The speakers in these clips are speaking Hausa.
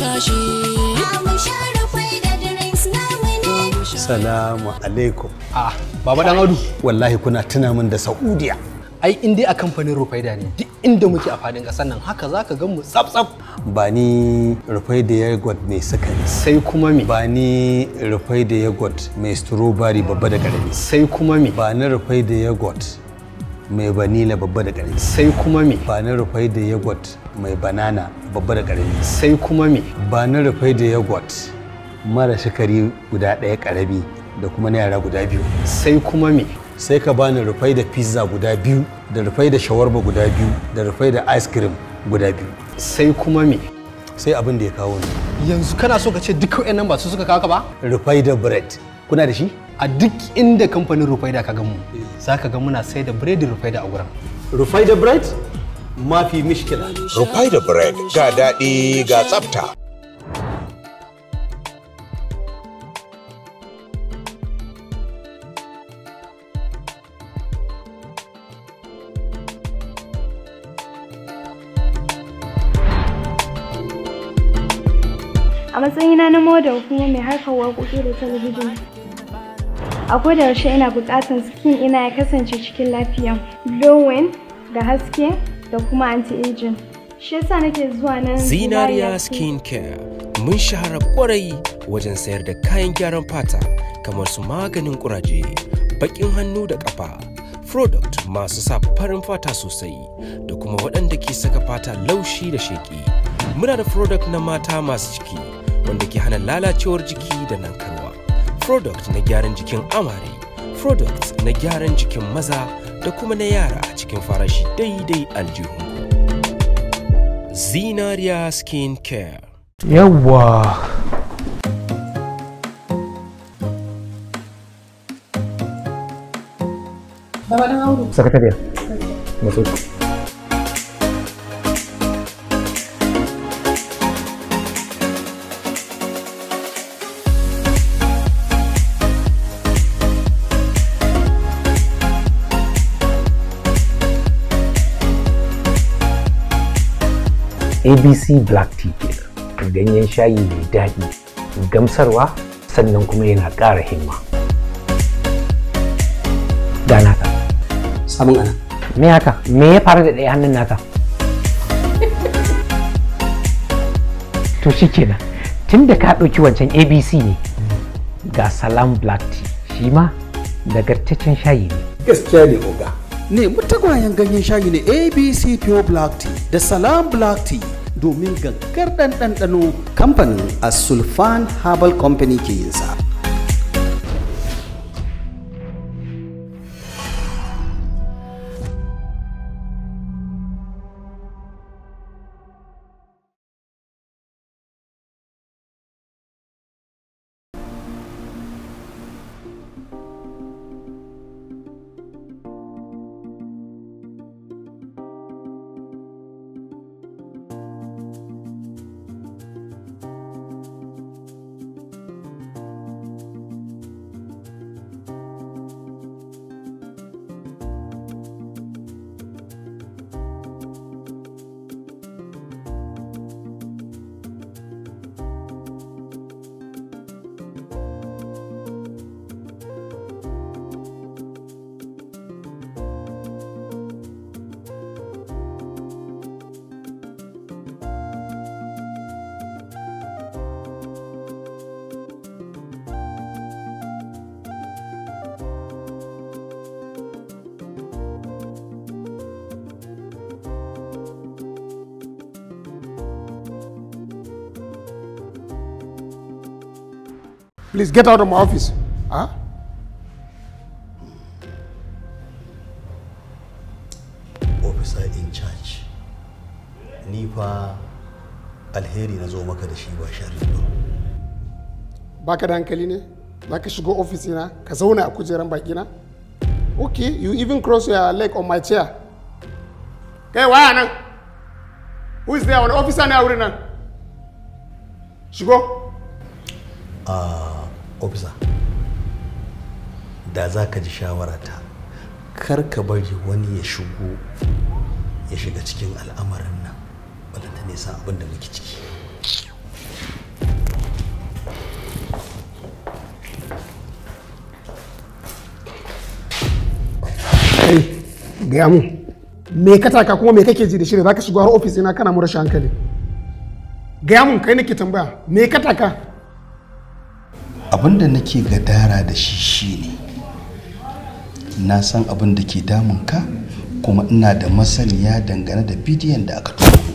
shashe Salamu alaikum. Ah, Baba Dan Audu. Wallahi kuna tuna min da Saudiya. Ai in dai a kamfanin Rufaida ne duk inda muke a fadin ƙasar nan haka za ka gan mu tsaf tsaf. Ba ni Rufaida yogurt mai sukari. Sai kuma me? Ba ni Rufaida yogurt mai strawberry babba da ƙarami. Sai kuma me? Ba ni Rufaida yogurt mai vanilla babba da ƙarami. Sai kuma me? Ba ni Rufaida yogurt mai banana babba da karami Sai kuma me? Ba na rufai da yogurt mara shekari guda ɗaya ƙarami da kuma na yara guda biyu. Sai kuma me? Sai ka bani rufai da pizza guda biyu da rufai da shawarma guda biyu da rufai da ice cream guda biyu. Sai kuma me? Sai abin da ya kawo ni. Yanzu kana so ka ce duk nan ba su suka kawo ka ba? Rufai da bread. Kuna da shi? A duk inda kamfanin rufai da ka gamu, za ka ga muna sai da bread rufai da a gurin. Rufai da bread? mafi mishkila. Rufai da bread ga daɗi ga tsafta. A matsayina na na kuma mai harkar waƙoƙi da talabijin. A da yaushe ina buƙatar skin ina ya kasance cikin lafiya. Lowen da haske da kuma anti-aging shi yasa nake zuwa nan zinariya skin care mun shahara kwarai wajen sayar da kayan gyaran fata kamar su maganin kuraje bakin hannu da kafa product masu sa farin fata sosai da kuma waɗanda ke saka fata laushi da sheƙi muna da product na mata masu ciki wanda ke hana lalacewar jiki da nankarwa product na gyaran jikin amare product na gyaran jikin maza da kuma na yara a cikin farashi daidai aljihu. Zinariya Skin Care. Yawwa! Sakatariya. Masu. abc black tea ganyen shayi mai daɗi gamsarwa sannan kuma yana ƙara himma gana ka samun ana me haka me ya faru da ɗaya hannun naka to shi kenan tun da ka ɗauki wancan abc ne ga salam black tea shi ma shayi ne gaskiya ne oga nemi tagwayen ganyen shayi na abc pure black tea da salam black tea domin gaggar ɗanɗano kamfanin a sulfan herbal company ke yinsa Please get out of my office. Huh? Officer in charge. Ni fa alheri na zo maka da shi ba sharri ba. Baka da hankali ne? Zaka shigo office na ka zauna a kujeran baki na? Okay, you even cross your leg on my chair. Kai waya nan? Who is there? Wani officer ne a wurin nan? Shigo. officer da za ka ji shawarata kar ka bari wani ya shigo ya shiga cikin al'amarin nan balanta ne san abin da muke ciki gaya mu me ka taka kuma me kake ji da shi za ka shigo har ofis ina kana mu rashin hankali gaya mun kai nake tambaya me ka taka abinda nake gadara da shi shine na san abin da ke ka, kuma ina da masaniya dangane da bidiyon da aka tura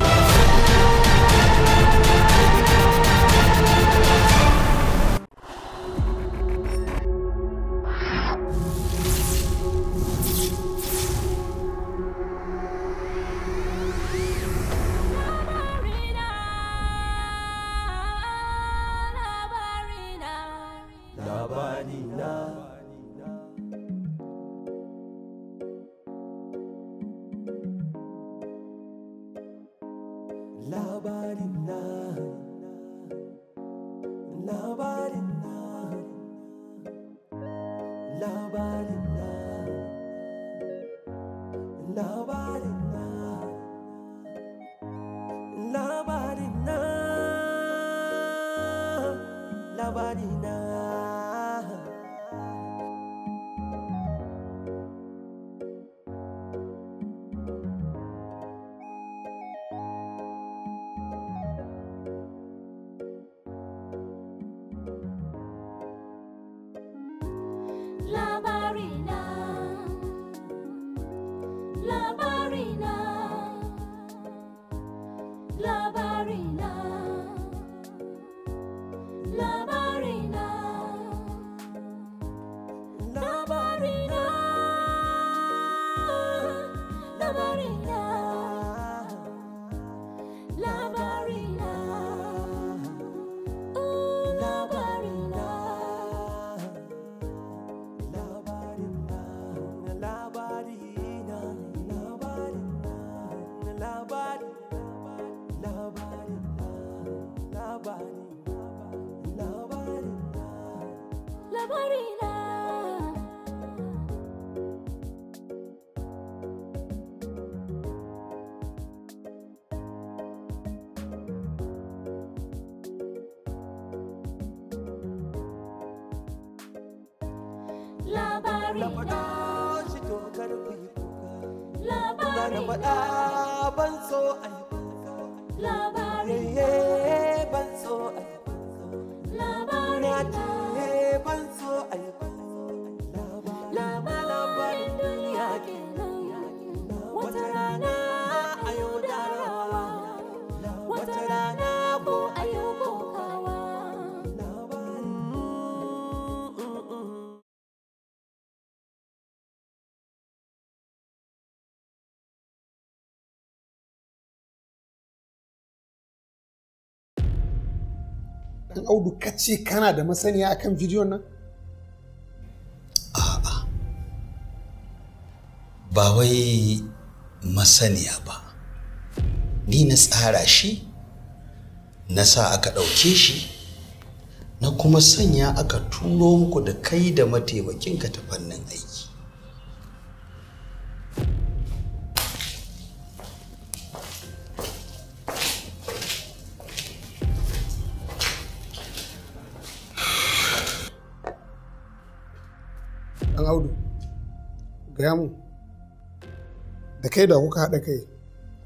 labari na faɗa shi to ku kuka labari na faɗa ban so a yi kuka labari audu ka ce kana da masaniya akan bidiyon nan a'a ba wai masaniya ba ni na tsara shi na sa aka ɗauke shi na kuma sanya aka turo muku da kai da mataimakinka ta fannin aiki gaya mu da kai da kuka haɗa kai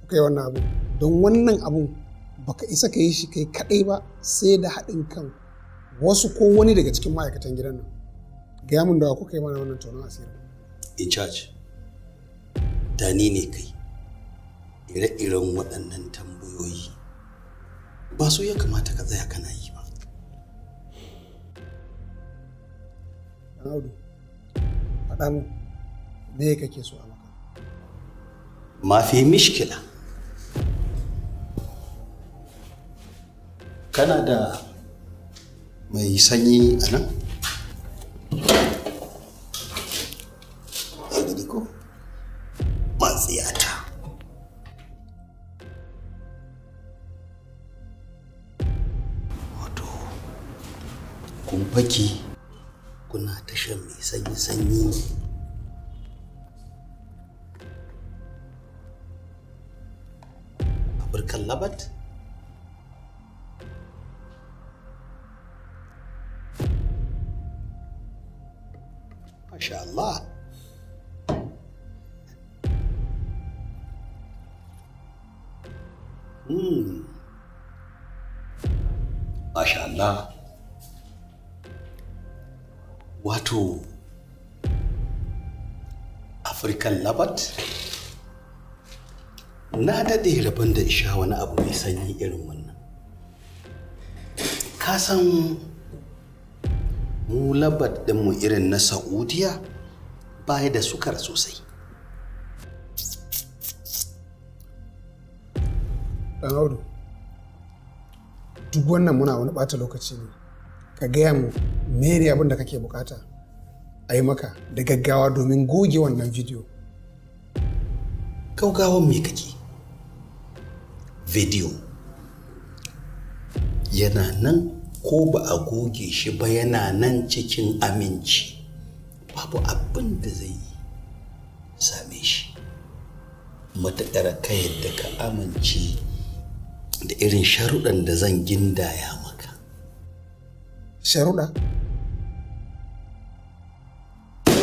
kuka yi wannan abu don wannan abun baka isa ka yi shi kai kaɗai ba sai da haɗin kan wasu ko wani daga cikin ma'aikatan gidan nan gaya mun da kuka yi mana wannan tonon asirin in charge da ni ne kai ire-iren waɗannan tambayoyi ba su ya kamata ka tsaya kana yi ba Audu, faɗa mu. me kake so a maka ma fi mishkila kana da mai sanyi a nan kuna ta shan mai sanyi-sanyi لبت ما شاء الله مم. ما شاء الله واتو افريكان labat na daɗe rabon da isha wani abu mai sanyi irin wannan ka san mu labar ɗinmu irin na saudiya baya da sukar sosai ɗan audu duk wannan muna wani ɓata lokaci ne ka gaya mu mere abin da kake bukata a yi maka da gaggawa domin goge wannan bidiyo gaggawan me kake video yana nan ko ba a goge shi ba yana nan cikin aminci babu abin da zai yi same shi matuƙar ka yadda ka amince da irin sharuɗan da zan gindaya maka sharuɗa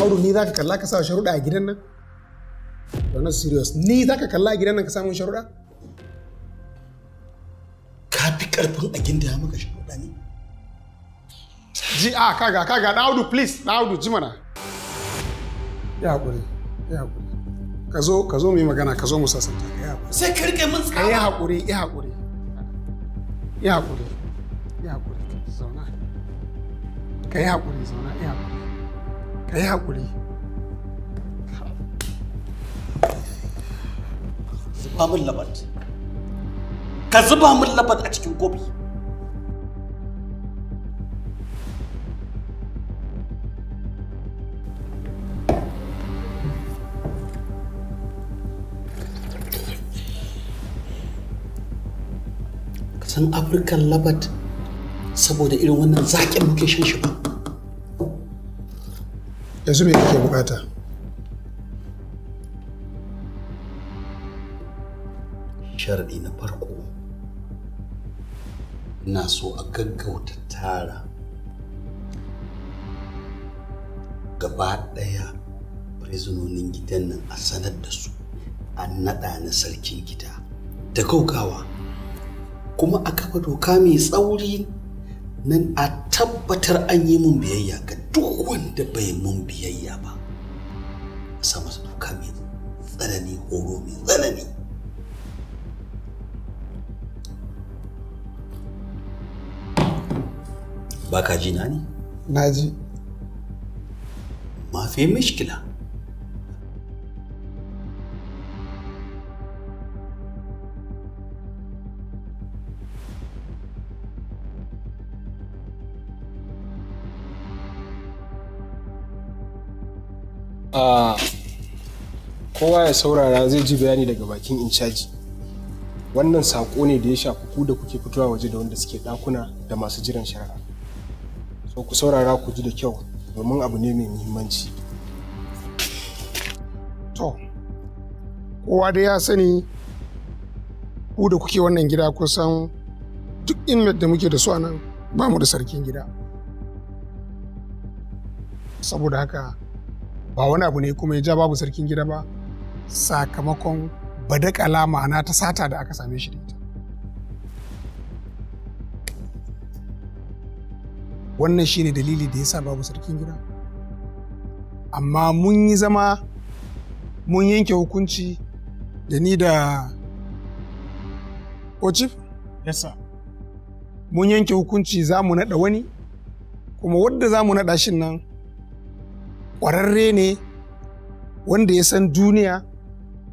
auru ni za ka kalla ka sa sharuɗa a gidan nan don serious ni za ka kalla a gidan nan ka samun sharuɗa karfin a gindaya maka shi ne ji a ah, kaga kaga daudu please daudu ji mana ya hakuri ya hakuri ka zo ka zo mu yi magana ka zo mu sasanta ka ya hakuri sai ka rike mun tsawa ya hakuri ya hakuri ya hakuri ya hakuri zauna ka yi hakuri zauna ya hakuri ka yi hakuri zuba min labar ka zuba min labar a cikin kofi san afirkan labad saboda irin wannan zaƙin muke shan shi ba yanzu me kake bukata sharaɗi na farko ina so a gaggauta tara gaba ɗaya prisonin gidan nan a sanar da su a naɗa na sarkin gida da kokawa kuma a kafa doka mai tsauri nan a tabbatar an yi mun biyayya ga duk wanda bai mun biyayya ba a sa masa doka mai tsanani horo mai tsanani ba ka ji na ne? Na ji. Ma fi mishkila. kowa ya saurara zai ji bayani daga bakin incaji wannan saƙo ne da ya shafi ku da kuke fitowa waje da wanda suke ɗakuna da masu jiran shari'a to ku saurara ku ji da kyau domin abu ne mai muhimmanci to kowa da ya sani ku da kuke wannan gida kusan duk inmet da muke da su a nan ba mu da sarkin gida saboda haka ba wani abu ne kuma ya ja babu sarkin gida ba sakamakon badakala ma'ana ta sata da aka same shi da ita wannan shine dalili da ya sa babu sarkin gida amma mun yi zama mun yanke hukunci da ni da Ochif? Yes, Mun yanke hukunci za mu naɗa wani, kuma wadda za mu naɗa shin nan ƙwararre ne wanda ya san duniya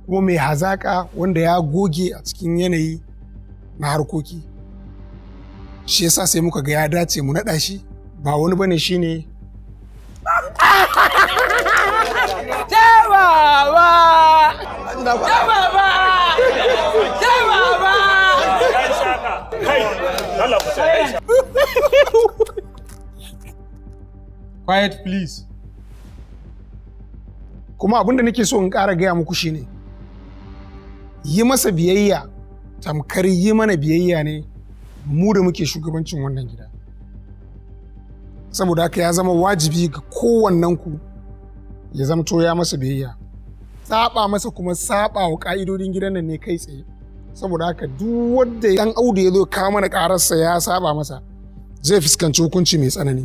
kuma mai hazaƙa wanda ya goge a cikin yanayi na harkoki. Shi yasa sai muka ga ya dace mu naɗa shi ba wani bane shi shine Quiet please. Kuma abinda nake so in ƙara gaya muku shine yi masa biyayya tamkar yi mana biyayya ne mu da muke shugabancin wannan gida. saboda haka ya zama wajibi ga kowannen ku ya to ya masa biyayya saba masa kuma saba wa ka'idodin gidan nan ne kai tsaye saboda haka duk wanda dan audu ya zo kawo mana kararsa ya saba masa zai fuskanci hukunci mai tsanani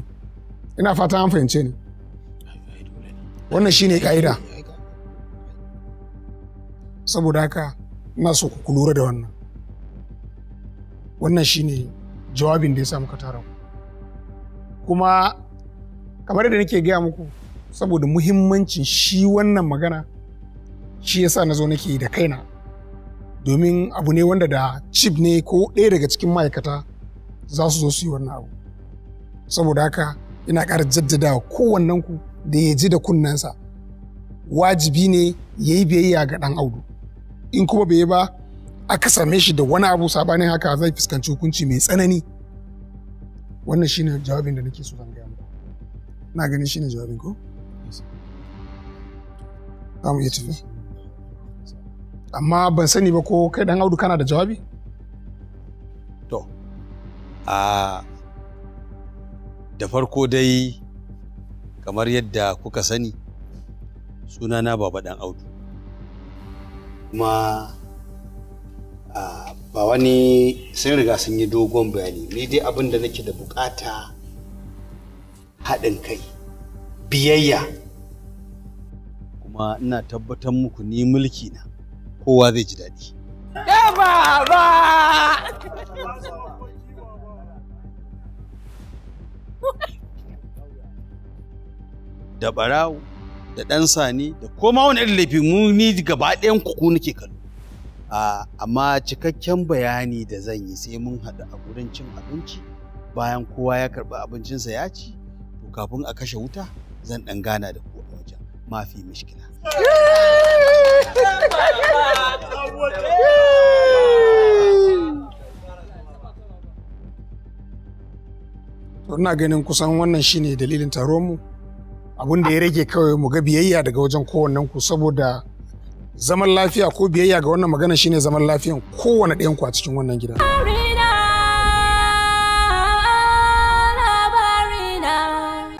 ina fata an fahimce ni wannan shine ka'ida saboda haka ina so ku lura da wannan wannan shine jawabin da ya sa muka tara ku kuma kamar da nake gaya muku saboda muhimmancin shi wannan magana shi yasa na zo nake da kaina domin abu ne wanda da chip ne ko ɗaya daga cikin ma'aikata za su zo su yi wannan abu saboda haka ina ƙara jaddada kowannen ku da ya ji da kunnensa wajibi ne ya yi biyayya ga ɗan audu in kuma bai ba aka same shi da wani abu sabanin haka zai fuskanci hukunci mai tsanani wannan shine jawabin da nake so zan gaya muku na ganin shine jawabin ko za mu iya tafi amma ban sani ba ko kai dan audu kana da jawabi to a da farko dai kamar yadda kuka sani sunana baba dan audu kuma a ba wani sun riga sun yi dogon bayani ni dai abin da nake da bukata haɗin kai biyayya kuma ina tabbatar muku ni mulki na kowa zai ji daɗi da barawo da ɗan sani da koma wani irin laifi mu ni gaba ɗayan kuku nake kallo amma cikakken bayani da zan yi sai mun haɗu a gurin cin abinci bayan kowa ya karɓi abincinsa ya ci to kafin a kashe wuta zan ɗan gana da ku a wajen mafi mishkila. ina ganin kusan wannan shine dalilin taron mu abin da ya rage kawai mu ga biyayya daga wajen kowannen ku saboda zaman lafiya ko biyayya ga wannan magana shine zaman lafiyan kowane ɗayan ku a cikin wannan gida.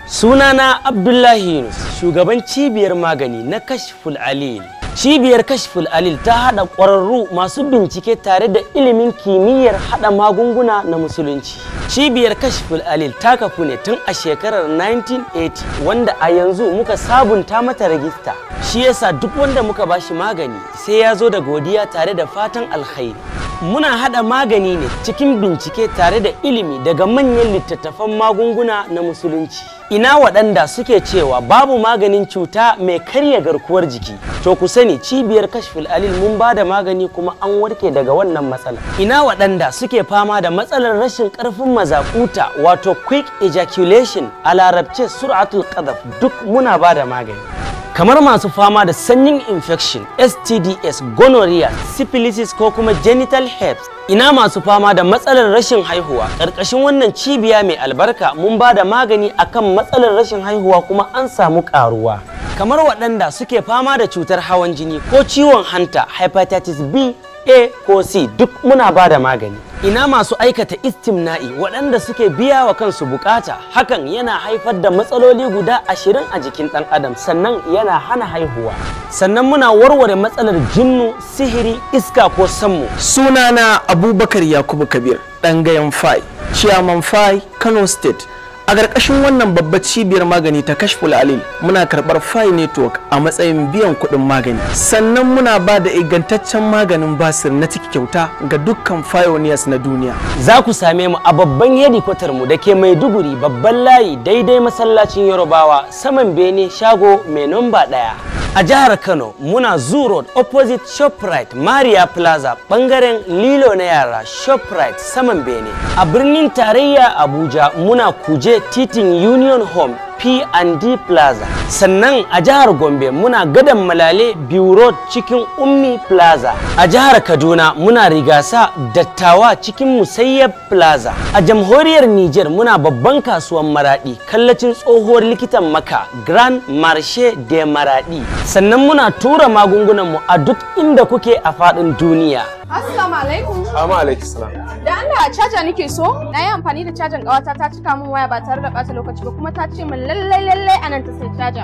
Sunana Abdullahi Yunus, shugaban cibiyar magani na Kashful Aliyu. Cibiyar Kashful Alil ta haɗa ƙwararru masu bincike tare da ilimin kimiyyar haɗa magunguna na musulunci. Cibiyar Kashful Alil ta kafu ne tun a shekarar 1980 wanda a yanzu muka sabunta mata rajista. Shi yasa duk wanda muka bashi magani sai ya zo da godiya tare da fatan alkhairi. Muna haɗa magani ne cikin bincike tare da ilimi daga manyan littattafan magunguna na musulunci. ina waɗanda suke cewa babu maganin cuta mai karya garkuwar jiki to ku sani cibiyar kashful alil mun ba da magani kuma an warke daga wannan matsala ina waɗanda suke fama da matsalar rashin ƙarfin mazakuta wato quick ejaculation a larabce sur'atul qadaf duk muna ba da magani kamar masu fama da sanyin infection stds gonorrhea syphilis ko kuma genital herpes ina masu fama da matsalar rashin haihuwa ƙarƙashin wannan cibiya mai albarka mun ba da magani akan matsalar rashin haihuwa kuma an samu ƙaruwa kamar waɗanda suke fama da cutar hawan jini ko ciwon hanta hepatitis b a ko c duk muna ba da magani ina masu aikata istimna'i waɗanda suke biya wa kansu bukata hakan yana haifar da matsaloli guda ashirin a jikin ɗan adam sannan yana hana haihuwa sannan muna warware matsalar jinnu sihiri iska ko sammu sunana abubakar yakubu kabir ɗan gayan fai chairman fai kano state a ƙarƙashin wannan babbar cibiyar magani ta kashful alil muna karɓar Fai network a matsayin biyan kuɗin magani sannan muna ba da ingantaccen maganin basir na ciki kyauta ga dukkan pioneers na duniya za ku same mu a babban hedikwatar mu da ke mai duguri babban layi daidai masallacin yarobawa saman bene shago mai numba ɗaya a jihar kano muna zoo road opposite shoprite maria plaza bangaren lilo na yara shoprite saman bene a birnin tarayya abuja muna kuje a teaching union home P&D Plaza. Sannan a jihar Gombe muna gadan Malale Biu Road cikin Ummi Plaza. A jihar Kaduna muna rigasa dattawa cikin Musayyab Plaza. A jamhuriyar Nijar muna babban kasuwan Maradi kallacin tsohuwar likitan Maka Grand marche de Maradi. Sannan muna tura magungunan mu a duk inda kuke a faɗin duniya. Assalamu alaikum. Assalamu alaikum salam. Da Allah caja nake so, na yi amfani da cajan ƙawata ta cika min waya ba tare da ɓata lokaci ba kuma ta ce min lallai lallai a nan ta sai caja.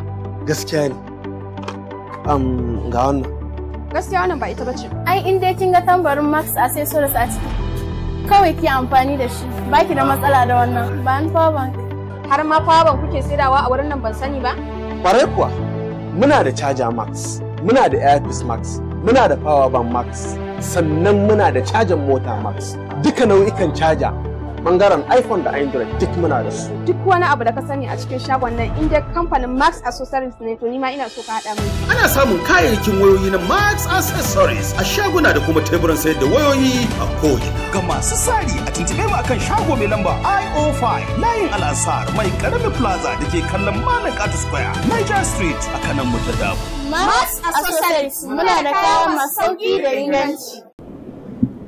Gaskiya ne. ga wannan. Gaskiya wannan ba ita ba bace. Ai in dai kin ga tambarin Max Accessories a ciki. Kawai ki amfani da shi. Baki da matsala da wannan. Ba an power Har ma power kuke sayarwa a wurin nan ban sani ba? Kwarai kuwa. Muna da caja Max. Muna da Airpiece Max. Muna da power bank Max. Sannan muna da cajan mota Max. Duka nau'ikan caja bangaren iphone da android duk muna da su duk wani abu da ka sani a cikin shagon nan inda kamfanin max accessories ne to nima ina so ka haɗa mu ana samun kayayyakin wayoyi na max accessories a shaguna da kuma teburan sayar da wayoyi a koyi ga masu sari a tuntube mu akan shago mai lamba io5 layin al'asar mai karamin plaza da ke kallon malam katu square niger street a kanan mu ta dabo max accessories muna da kayan masauki da inganci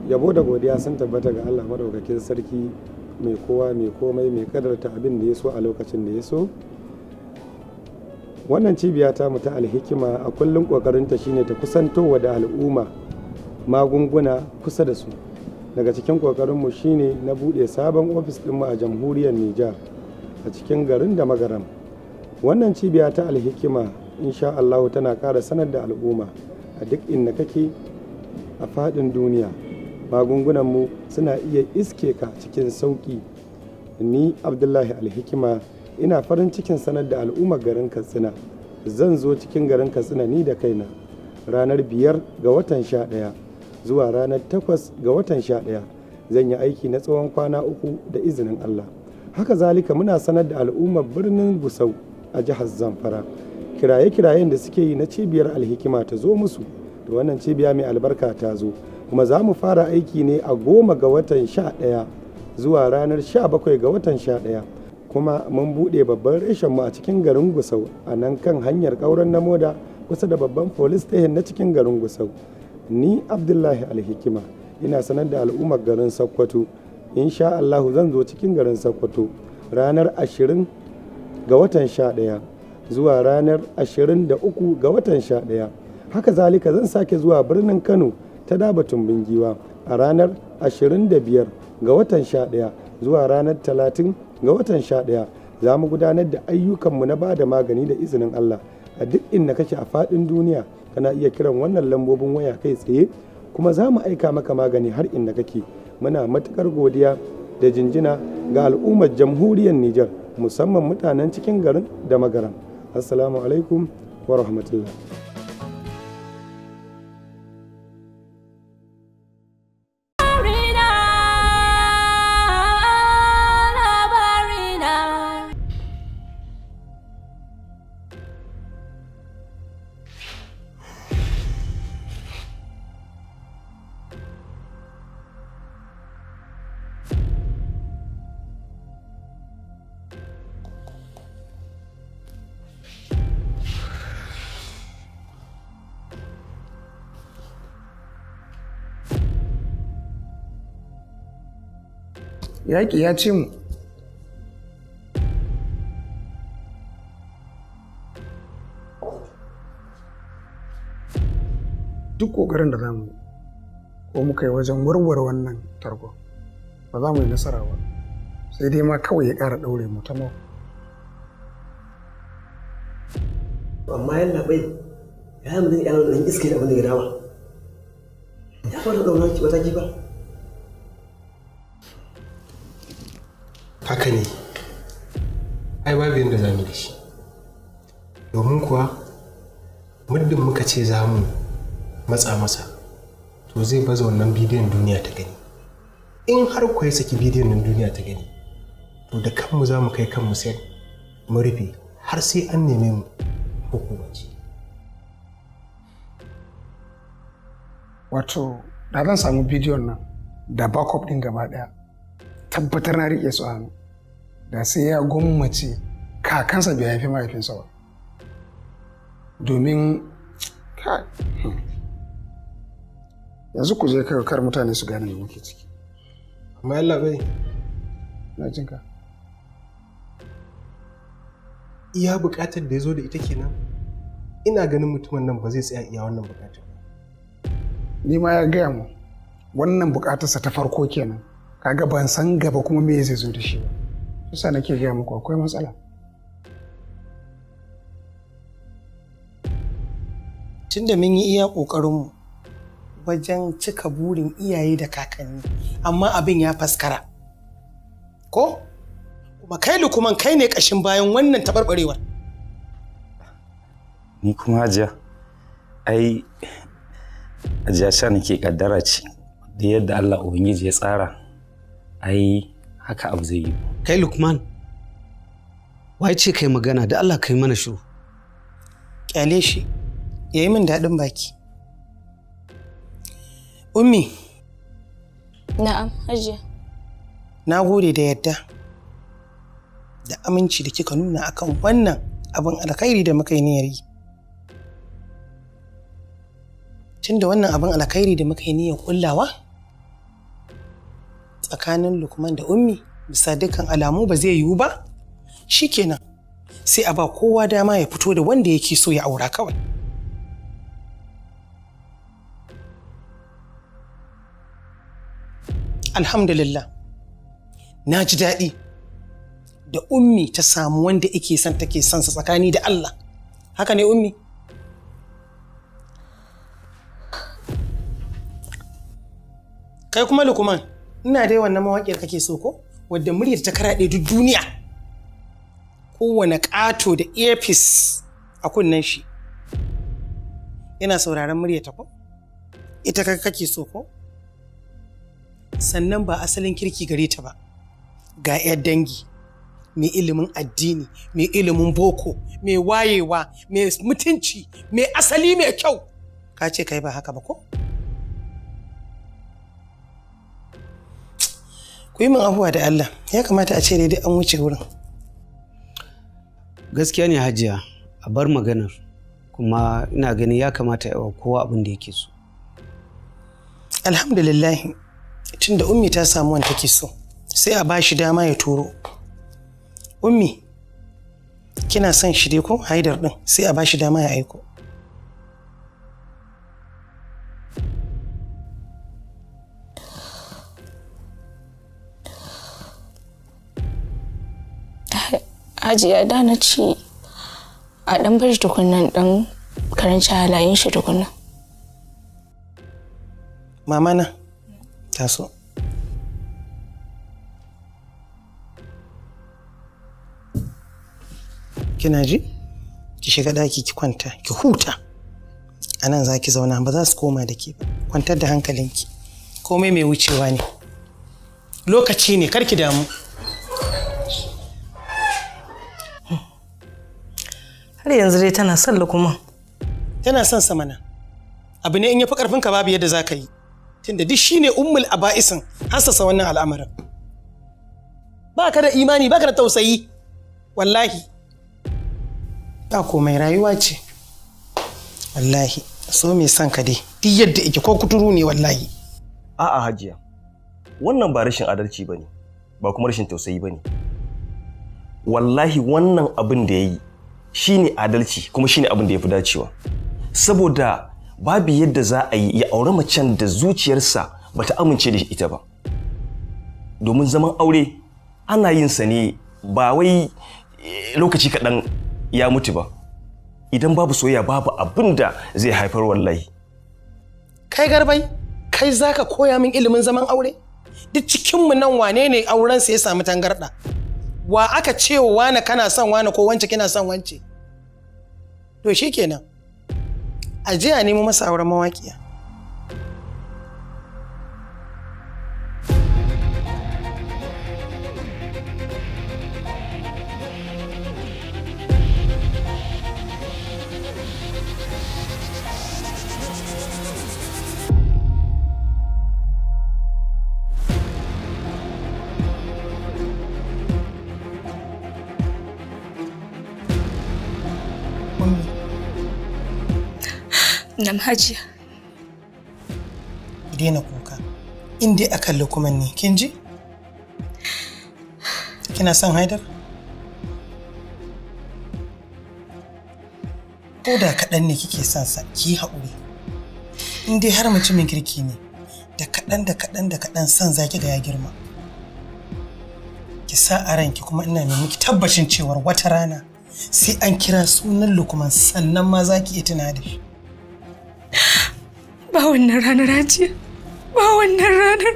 yabo da godiya sun tabbata ga allah maɗaukakin sarki mai kowa mai komai mai kadarta abin da ya so a lokacin da ya so wannan cibiya ta mu ta alhikima a kullum kokarinta shine ta kusantowa da al'umma magunguna kusa da su daga cikin ƙoƙarinmu shine na buɗe sabon ofis ɗinmu a jamhuriyar nijar a cikin garin da magaram wannan cibiya ta alhikima insha allahu tana ƙara sanar da al'umma a duk inda kake a faɗin duniya magungunanmu suna iya iske ka cikin sauƙi ni abdullahi alhikima ina farin cikin sanar da al'ummar garin katsina zan zo cikin garin katsina ni da kaina ranar biyar ga watan sha ɗaya zuwa ranar takwas ga watan sha ɗaya zan yi aiki na tsawon kwana uku da izinin allah haka zalika muna sanar da al'ummar birnin gusau a jihar zamfara kiraye-kirayen da suke yi na cibiyar alhikima ta zo musu da wannan cibiya mai albarka ta zo kuma za mu fara aiki ne a goma ga watan sha ɗaya zuwa ranar sha bakwai ga watan sha ɗaya kuma mun buɗe babban reshen mu a cikin garin gusau a nan kan hanyar ƙauren na moda kusa da babban polis station na cikin garin gusau ni abdullahi alhikima ina sanar da al'ummar garin sokoto insha allahu zan zo cikin garin sokoto ranar ashirin ga watan ɗaya zuwa ranar ashirin da uku ga watan sha ɗaya haka zalika zan sake zuwa birnin kano ta dabatun bingiwa giwa a ranar 25 ga watan 11 zuwa ranar 30 ga watan 11 za mu gudanar da ayyukanmu na ba da magani da izinin Allah a duk inda kake a faɗin duniya kana iya kiran wannan lambobin waya kai tsaye kuma za mu aika maka magani har inda kake muna matukar godiya da jinjina ga al'ummar jamhuriyar Nijar musamman mutanen cikin garin da magaran assalamu alaikum wa rahmatullah yaƙi ya ce mu duk ƙoƙarin da zamu ko muka yi wajen warware wannan tarko ba za mu yi nasara ba sai dai ma kawai ya ƙara ɗaure mu ta mau amma yan labai ya yi mutum ya nan iske da abin da ya dama ya fara ɗaura ta ba haka ne ai babu yadda za mu da shi domin kuwa muddin muka ce za mu matsa masa to zai baza wannan bidiyon duniya ta gani in har ku ya saki bidiyon nan duniya ta gani to da kanmu za mu kai kanmu sai mu rufe har sai an neme mu hukumanci wato da zan samu bidiyon nan da backup din gaba daya tabbatar na riƙe su hannu da sai ya gwammace kakansa bai haifi mahaifinsa ba domin yanzu ku je kar mutane su gane da muke ciki amma yalla bai na jinka iya bukatar da ya zo da ita kenan ina ganin mutumin nan ba zai tsaya iya wannan bukatar ni ma ya gaya mu wannan bukatarsa ta farko kenan kaga ban san gaba kuma me zai zo da shi ba Yasa nake gaya muku akwai matsala. Tunda mun yi iya ƙoƙarinmu wajen cika burin iyaye da kakanni, amma abin ya faskara. Ko? Kuma kai lukuman kai ne ƙashin bayan wannan taɓarɓarewar. Ni kuma hajiya, ai, hajiya sha nake ƙaddara ce, da yadda Allah Ubangiji ya tsara, ai, haka abu zai yi kai lukman wai ce kai magana da allah kai mana shiru kyale shi ya yi min daɗin baki ummi na'am hajiya na gode da yadda da aminci da kika nuna akan wannan abin alkhairi da muka yi niyyar yi tunda wannan abin alkhairi da muka yi niyyar kullawa tsakanin lukman da ummi bisa dukkan alamu ba zai yiwu ba shi shikenan sai a ba kowa dama ya fito da wanda yake so ya aura kawai alhamdulillah na ji daɗi da ummi ta samu wanda ake son take son sa tsakani da Allah haka ne ummi kai kuma lukman ina da dai wannan mawaƙiyar kake so ko wadda muryar ta karaɗe duk duniya kowane ƙato da earpiece a kunnen shi yana sauraron muryar ta ko ita kake so ko sannan ba asalin kirki gare ta ba ga 'yar dangi mai ilimin addini mai ilimin boko mai wayewa mai mutunci mai asali mai kyau ka ce kai ba haka ba ko ku yi min abuwa da Allah ya kamata a ce ne duk an wuce wurin gaskiya ne hajiya a bar maganar kuma ina gani ya kamata yawa kowa abin da yake so alhamdulillah tunda ummi ta samu wanda take so sai a bashi dama ya turo ummi kina son shi dai ko haidar din sai a bashi dama ya aiko hajiya da na ce a dan bar shi tukunnan dan karanci halayen shi tukunnan mama na taso kina ji ki shiga daki ki kwanta ki huta anan za ki zauna ba za su koma da ke ba kwantar da hankalinki komai mai wucewa ne lokaci ne kar ki damu har yanzu dai tana son lukuman tana son sama mana abu ne in ya fi karfin ka babu yadda za ka yi tunda duk shine ummul aba'isin hassasa wannan al'amarin ba ka da imani ba ka da tausayi wallahi ba komai rayuwa ce wallahi so mai son ka dai duk yadda ike ko kuturu ne wallahi a'a hajiya wannan ba rashin adalci ba ne ba kuma rashin tausayi ba ne wallahi wannan abin da ya yi shine adalci kuma shine abin da ya fi dacewa saboda babu yadda za a yi ya aure macen da zuciyarsa bata amince da ita ba domin zaman aure ana yin sa ne ba wai eh, lokaci kaɗan ya mutu ba idan babu soyayya babu abin da zai haifar wallahi kai garbai kai zaka koya min ilimin zaman aure duk cikinmu nan wane ne aurensa ya samu tangarɗa wa aka ce wa wane kana son wane ko wance kina son wance to kenan a jiya a nemo masa auren mawaƙiya Nam hajiya. Ki daina kuka. In dai a kalli kuma ne, kin ji? Kina son haidar? Ko da kaɗan ne kike son sa, ki haƙuri. In dai har mutumin kirki ne, da kaɗan da kaɗan da kaɗan son zaki ga ya girma. Ki sa a ranki kuma ina mai miki tabbacin cewar wata rana sai an kira sunan lukuman sannan ma za ki iya tuna da shi. ba wannan ranar ajiya. ba wannan ranar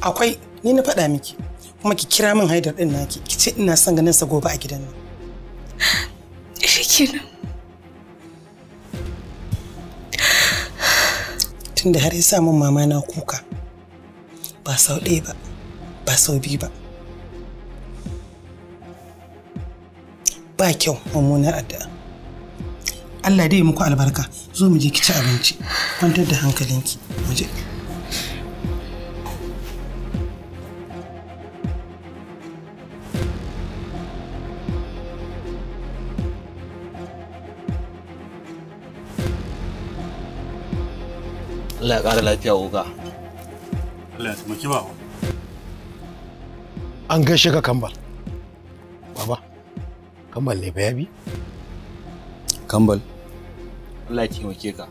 akwai ni na faɗa miki kuma ki kira min haidar ɗin naki ki ce ina son ganin sa gobe a gidan nan shikenan tunda har yasa min mama na kuka ba sau ɗaya ba ba sau biyu ba ba kyau mummunar addu'a Allah dai muku albarka zo mu je ki ci abinci kwantar da hankalinki mu je Allah ya ƙara lafiya oga. Allah ya taimaki ba. An gaishe ka kambal. Baba, kambal ne bayabi? Kambal. Allah ya taimake ka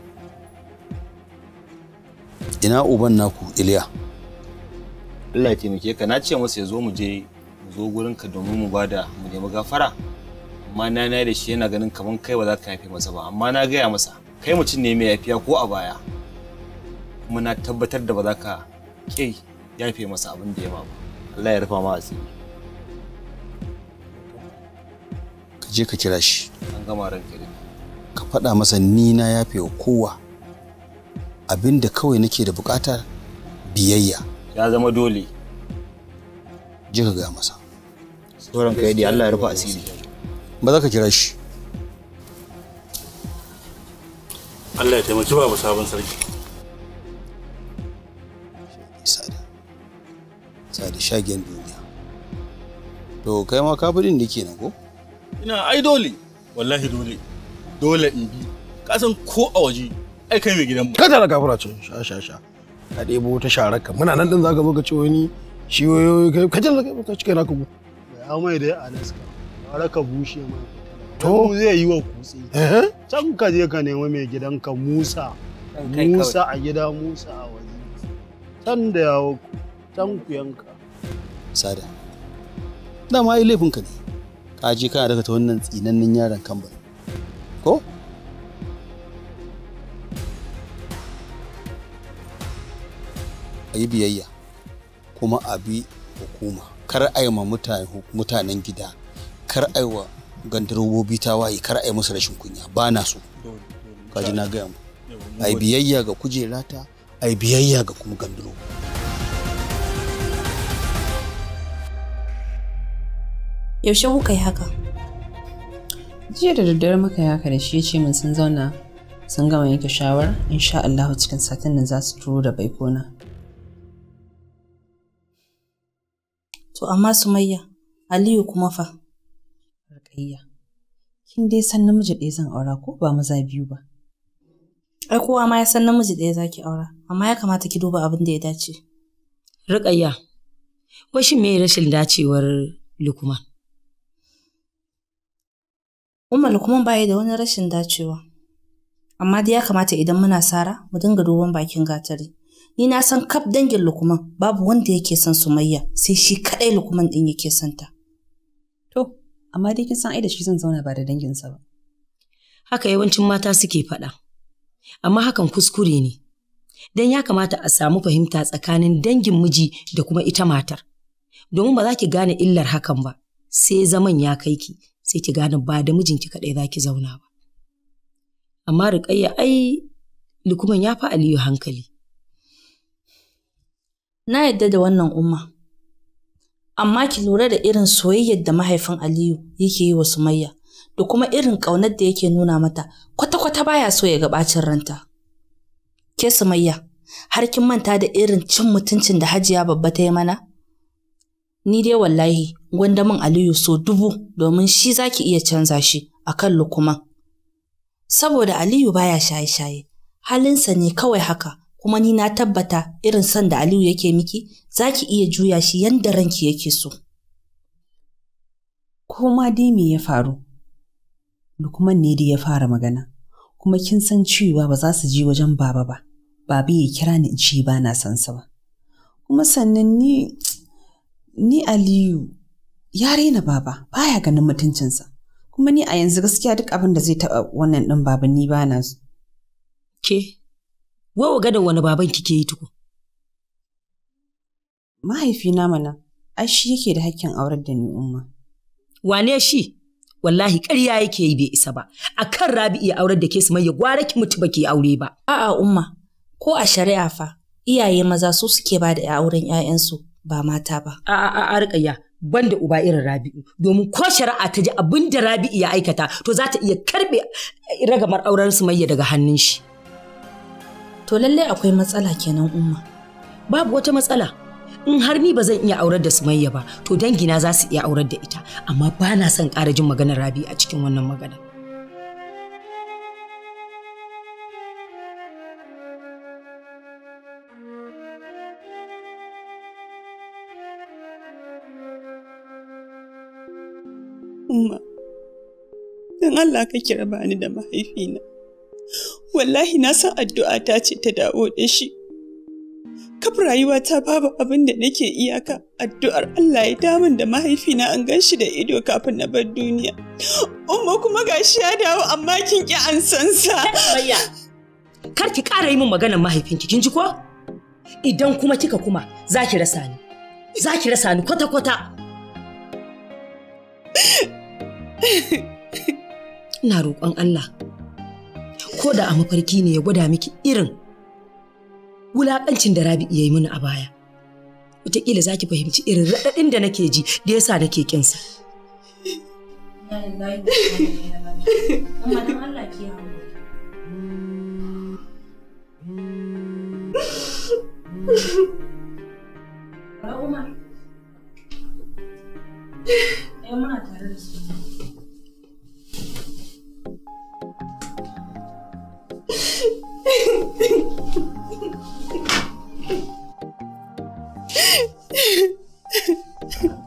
ina uban naku Iliya Allah ya taimake ka na ce masa ya zo mu je zo gurin ka domin mu bada mu nemi gafara amma na na da shi yana ganin kaman kai ba za ka yafe masa ba amma na gaya masa kai mutum ne mai yafiya ko a baya kuma na tabbatar da ba za ka ke yafe masa abin da ya ba Allah ya rufa ma asiri ka je ka kira shi an gama ran da ka faɗa masa ni na yafe wa kowa abinda kawai nake da bukata biyayya ya zama dole ji ka ga masa tsoron ka yadda Allah ya rufa asiri ba za ka kira shi Allah ya taimaki ba ba sabon sarki sada sada shagen duniya to kai ma kafirin ne kenan ko ina ai dole wallahi dole dole in bi kasan ko a waje ai kai mai gidan mu kada na kafura ce sha sha sha ka debo ta sharar ka muna nan din zaka zo ka ce wani shi wayoyi kai ka jalla kai ka cike na kubu ya mai da alaska bara ka bushe mai to zai yi wa kutse eh? can ka je ka nemi mai gidan ka musa musa a gida musa a waje can da yawo can ku yanka sada dama ai laifin ka ne ka je kana daga ta wannan tsinannin yaron kan bane ko a yi biyayya kuma a bi hukuma kar aiwa mutanen gida kar aiwa gandarobobi tawaye kar ai musu rashin kunya ba na so kaji na gaya mu a biyayya ga kujerata a yi biyayya ga kuma gandarobobi yaushe kuka yi haka jiya da daddare muka yi haka da shi ya ce min sun zauna sun gama yanke shawar insha Allah cikin satin nan za su turo da na. To amma Sumayya, Aliyu kuma fa? Rukayya. Kin dai san namiji ɗaya zan aura ko ba maza biyu ba. Ai kowa ma ya san namiji ɗaya za ki aura, amma ya kamata ki duba abin da ya dace. Rukayya, ko shin me rashin dacewar Lukman? Umar Lukman baya da wani rashin dacewa. Amma dai ya kamata idan muna sara mu dinga duban bakin gatari. Ni na san kaf dangin Lukman babu wanda yake son Sumayya sai shi kaɗai Lukman ɗin yake son ta. To, amma dai kin san ai da shi zan zauna ba da danginsa ba. Haka yawancin mata suke faɗa. Amma hakan kuskure ne. Dan ya kamata a samu fahimta tsakanin dangin miji da kuma ita matar. Domin ba za ki gane illar hakan ba, sai zaman ya kai ki, sai ki gane ba da mijinki kaɗai za ki zauna ba. Amma Rukayya ai Lukman ya fi Aliyu hankali. Na yadda da wannan umma. Amma ki lura da irin soyayyar da mahaifin Aliyu yake yi wa Sumayya da kuma irin ƙaunar da yake nuna mata kwata-kwata baya so ya gabacin ranta. Ke Sumayya, har kin manta da irin cin mutuncin da Hajiya babba ta yi mana? Ni dai wallahi gwandamin Aliyu so dubu domin shi zaki iya canza shi a kan lukuman. Saboda Aliyu baya shaye-shaye, halinsa ne kawai haka, kuma ni na tabbata irin son da Aliyu yake miki, zaki iya juya shi yadda ranki yake so. koma ma dai me ya faru? Lukman ne dai ya fara magana, kuma kin san cewa ba za su je wajen baba ba, babi ya kira ni in ci ba na sansa ba. Kuma sannan ni Aliyu ya raina baba baya ganin mutuncinsa kuma ni a yanzu gaskiya duk abin da zai taɓa wannan ɗin baban ni ba na ke wawa gadon wani baban kike yi tuku mahaifina mana ai shi yake da hakkin aurar da ni umma wane shi wallahi ƙarya yake yi bai isa ba a kan rabi iya aurar da ke su ya gwara ki mutu ba ke aure ba a'a umma ko a shari'a fa iyaye maza su suke ba da auren 'ya'yansu ba mata ba a'a a a banda uba irin Rabi'u domin ko shari'a ta ji abin da Rabi'u ya aikata to za ta iya karbe ragamar auren Sumayya daga hannun shi. To lallai akwai matsala kenan umma. Babu wata matsala. In har ni ba zan iya aurar da Sumayya ba to dangina za su iya aurar da ita amma ba na son ƙara jin maganar Rabi'u a cikin wannan magana. al'umma don Allah ka kira ni da mahaifina wallahi na san addu'a ta ce ta dawo da shi kaf rayuwa ta babu abin da nake iyaka addu'ar Allah ya ta damun da mahaifina an gan shi da ido kafin na bar duniya umma kuma gashi ya dawo amma kin ki an san sa kar ki ƙara yi min maganar mahaifinki kin ji ko idan kuma kika kuma za ki rasa ni za ki rasa ni kwata kwata Ina roƙon Allah, ko da a mafarki ne ya gwada miki irin wulaƙancin da Rabi ya yi mini a baya. Wataƙila za ki fahimci irin raɗaɗin da nake ji da yasa nake ƙinsa. Umar, muna tare da su. Ha ha ha.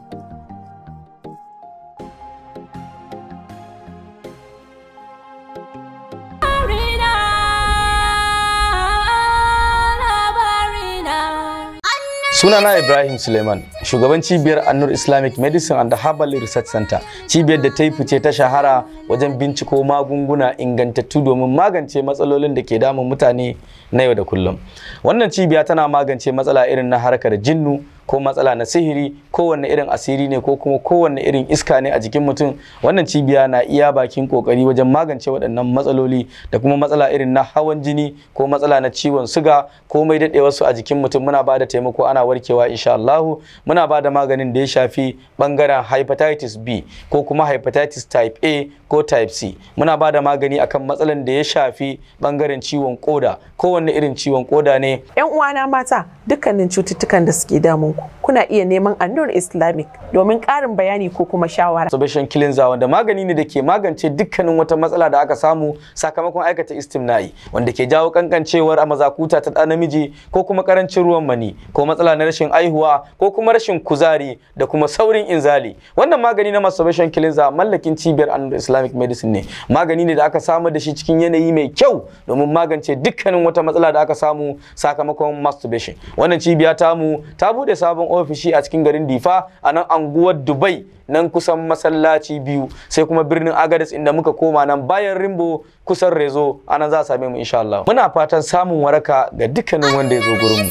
sunana ibrahim suleiman shugaban cibiyar annur islamic medicine and herbal research center cibiyar da ta yi fice ta shahara wajen binciko magunguna ingantattu domin magance matsalolin da ke damun mutane na yau da kullum wannan cibiya tana magance matsala irin na harkar jinnu ko matsala na sihiri kowanne irin asiri ne ko kuma kowanne irin iska ne a jikin mutum wannan cibiya na iya bakin kokari wajen magance waɗannan matsaloli da kuma matsala irin na hawan jini ko matsala na ciwon suga ko mai daɗewarsu su a jikin mutum muna ba da taimako ana warkewa insha Allah muna ba da maganin da ya shafi bangaren hepatitis B ko kuma hepatitis type A ko type C muna ba da magani akan matsalan da ya shafi bangaren ciwon koda kowanne irin ciwon koda ne yan uwana mata dukkanin cututtukan da suke damun kuna iya neman Annur Islamic domin karin bayani ko kuma shawara. Subeshan Kilinza wanda magani ne da ke magance dukkanin wata matsala da aka samu sakamakon aikata istimna'i wanda ke jawo kankancewar a mazakuta ta ɗa namiji ko kuma karancin ruwan mani ko matsala na rashin aihuwa ko kuma rashin kuzari da kuma saurin inzali. Wannan magani na masturbation Kilinza mallakin cibiyar Annur Islamic Medicine ne. Magani ne da aka samar da shi cikin yanayi mai kyau domin magance dukkanin wata matsala da aka samu sakamakon masturbation. Wannan cibiya mu ta bude sa sabon ofishi a cikin garin difa a nan anguwar dubai nan kusan masallaci biyu sai kuma birnin agadis inda muka koma nan bayan rimbo kusan rezo a nan za a same mu insha Allah muna fatan samun waraka ga dukkanin wanda ya zo gurin mu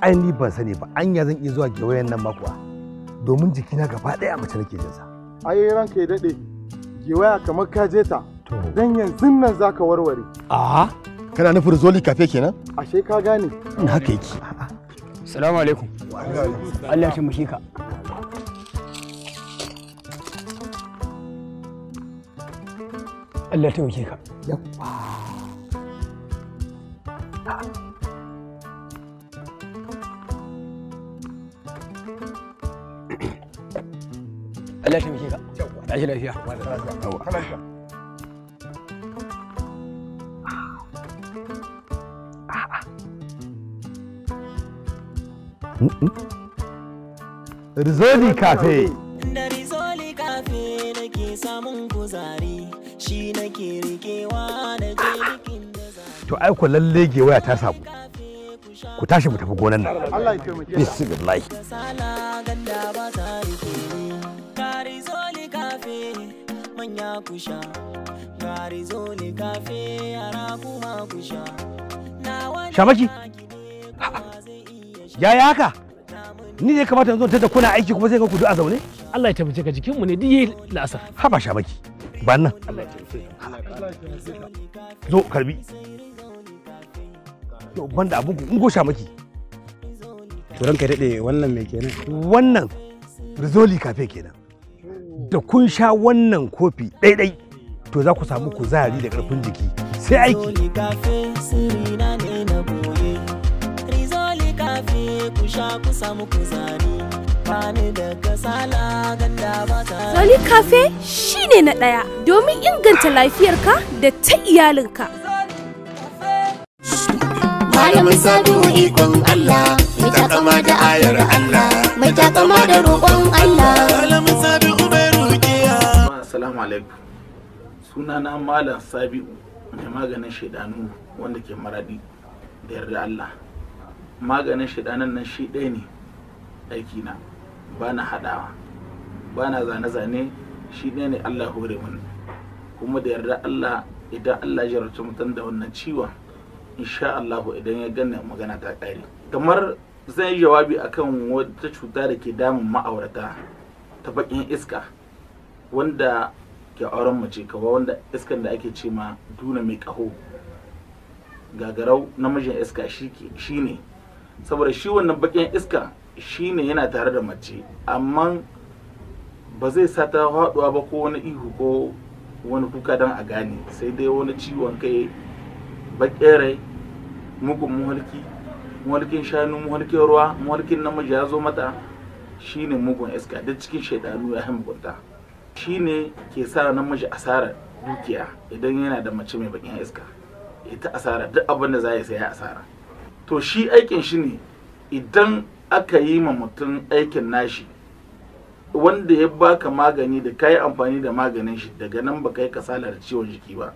ai ni ban sani ba anya zan iya zuwa wayan nan makuwa domin jikina gaba daya mace nake jin sa ai ranka ya dade kamar ka je ta dan yanzu nan zaka warware a kana nufin zoli kafe kenan ashe ka gane haka yake assalamu alaikum Allah ya taimake ka Allah taimake ka. ka. Allah taimake ka. Allah lafiya. ka. Rizoli Cafe. nake samun kuzari shi nake rikewa da da To ai ku lalle gewaya ta samu. Ku tashi mu tafi gonan nan. Allah ya Bismillah. ganda ba ta rike Shamaki. yaya haka ni ne kamata yanzu ta da kuna aiki kuma zai ga kudu a zaune Allah ya tabbace ka jikinmu ne duk yayi la'asar ha ba sha baki ba nan zo karbi to banda abu ku in sha maki to ranka dade wannan me kenan wannan rizoli kafe kenan da kun sha wannan kofi ɗaiɗai to za ku samu kuzari da karfin jiki sai aiki ku sha shi ne bani da kasala ganda ba ta Zoli Cafe shine na ɗaya domin inganta lafiyarka da ta iyalinka. Malamin sadu ikon Allah, mai takama da ayar Allah, mai takama da roƙon Allah. Malamin sadu mai rukiya. Assalamu alaikum. Sunana Malam Sabi'u mai maganin shaidanu wanda ke maradi da yarda Allah. maganin shidanan nan shi ɗaya ne aikina ba na haɗawa ba na zane-zane shi ɗaya ne allah hore mun kuma da yarda allah idan allah ya jarabta mutum da wannan ciwon insha allah idan ya gane magana ta ƙare kamar zan yi jawabi akan wata cuta da ke damun ma'aurata ta baƙin iska wanda ke auren mace kawai wanda iskan da ake ce ma duna mai ƙaho gagarau namijin iska shi ne saboda shi wannan bakin iska shine yana tare da mace amma ba zai sa ta haɗuwa ba ko wani ihu ko wani kuka don a gane sai dai wani ciwon kai bakin rai mugun muhalki muhalkin shanu muhalkin ruwa muhalkin namiji ya zo mata shine mugun iska duk cikin shaidanu ya mugunta shine ke sa namiji asarar dukiya idan yana da mace mai bakin iska ita asara duk abin da za ya sai ya asara to shi aikin shi ne idan aka yi ma mutum aikin nashi wanda ya baka magani da kayi amfani da maganin shi daga nan baka yi kasala da ciwon jiki ba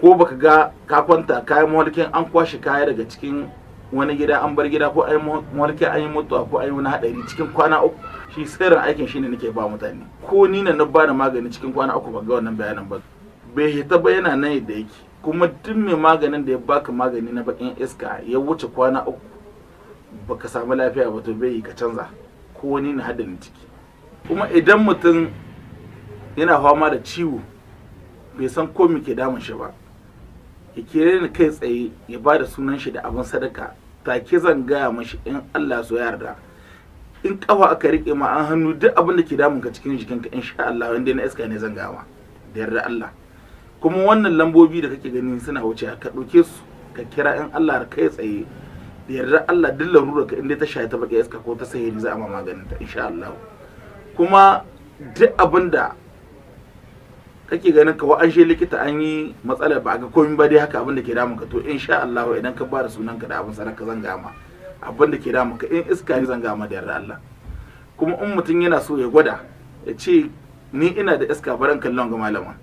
ko baka ga ka kwanta kayan mawalkin an kwashe kaya daga cikin wani gida an bar gida ko ayi mawalkin an yi mutuwa ko ayi wani hadari cikin kwana uku shi sirrin aikin shi ne nake ba mutane ko ni na ba da magani cikin kwana uku ban ga wannan bayanan ba bai hita ba yana nan yadda yake kuma duk mai maganin da ya baka magani na bakin iska ya wuce kwana uku baka samu lafiya ba to bai yi ka canza ko wani na haddani ciki kuma idan mutum yana fama da ciwo bai san ko me ke damun shi ba ya kere ni kai tsaye ya ba da sunan shi da abin sadaka take zan gaya mashi in Allah so yarda in kafa aka rike ma an hannu duk abin da ke damun ka cikin jikinka insha Allah wanda na iska ne zan gaya ma da yarda Allah kuma wannan lambobi da kake gani suna wuce ka ɗauke su ka kira in Allah da kai tsaye da yarda Allah duk larura ka inda ta shaye ta baka iska ko ta sahiri za a ma maganin ta insha Allah kuma duk abin kake ganin ka an she likita an yi matsala ba ga komai ba dai haka abin da ke damun ka to insha Allah idan ka bada sunan ka da abin sadaka zan gama abin da ke damun ka in iska ne zan gama da yarda Allah kuma in mutum yana so ya gwada ya ce ni ina da iska baran kallon ga malaman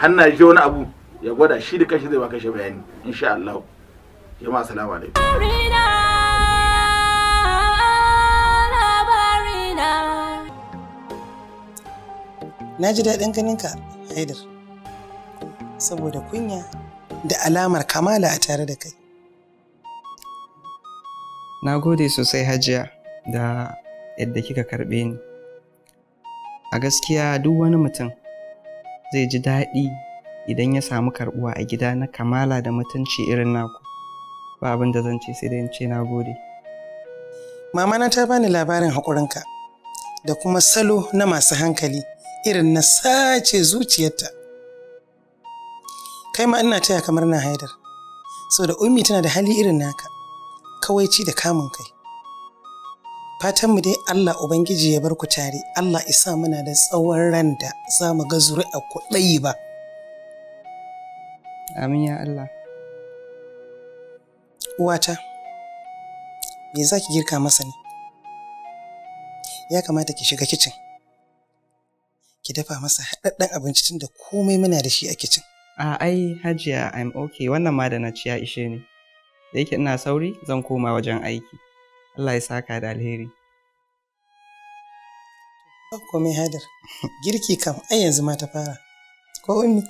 hannaye shi wani abu ya gwada shi da kashi zai baka shi bayani insha Allah jama'a assalamu alaikum na ji daɗin ganin ka haidar saboda kunya da alamar kamala a tare da kai na gode sosai hajiya da yadda kika karɓe ni a gaskiya duk wani mutum zai ji daɗi idan ya samu karɓuwa a gida na kamala da mutunci irin naku ba abin da zan ce sai dai ce na gode mamana ta bani labarin haƙurinka da kuma salo na masu hankali irin na sace zuciyarta kai ma ina taya kamar na haidar so da ummi tana da hali irin naka kawai ci da kamun kai Fatan mu dai Allah Ubangiji ya bar ku tare, Allah isa muna da tsawon ran da za mu ga zuri'a ku ɗayi ba. Amin ya Allah. Uwata, me za ki girka masa ne? Ya kamata ki shiga kicin. Ki dafa masa haɗaɗɗen abinci tun da komai muna da shi a kicin. A ai hajiya I'm okay wannan ma da na ci ya ishe ni. Da yake ina sauri zan koma wajen aiki. Allah ya saka da alheri mai hadar girki kam ai yanzu ma ta fara ko wani?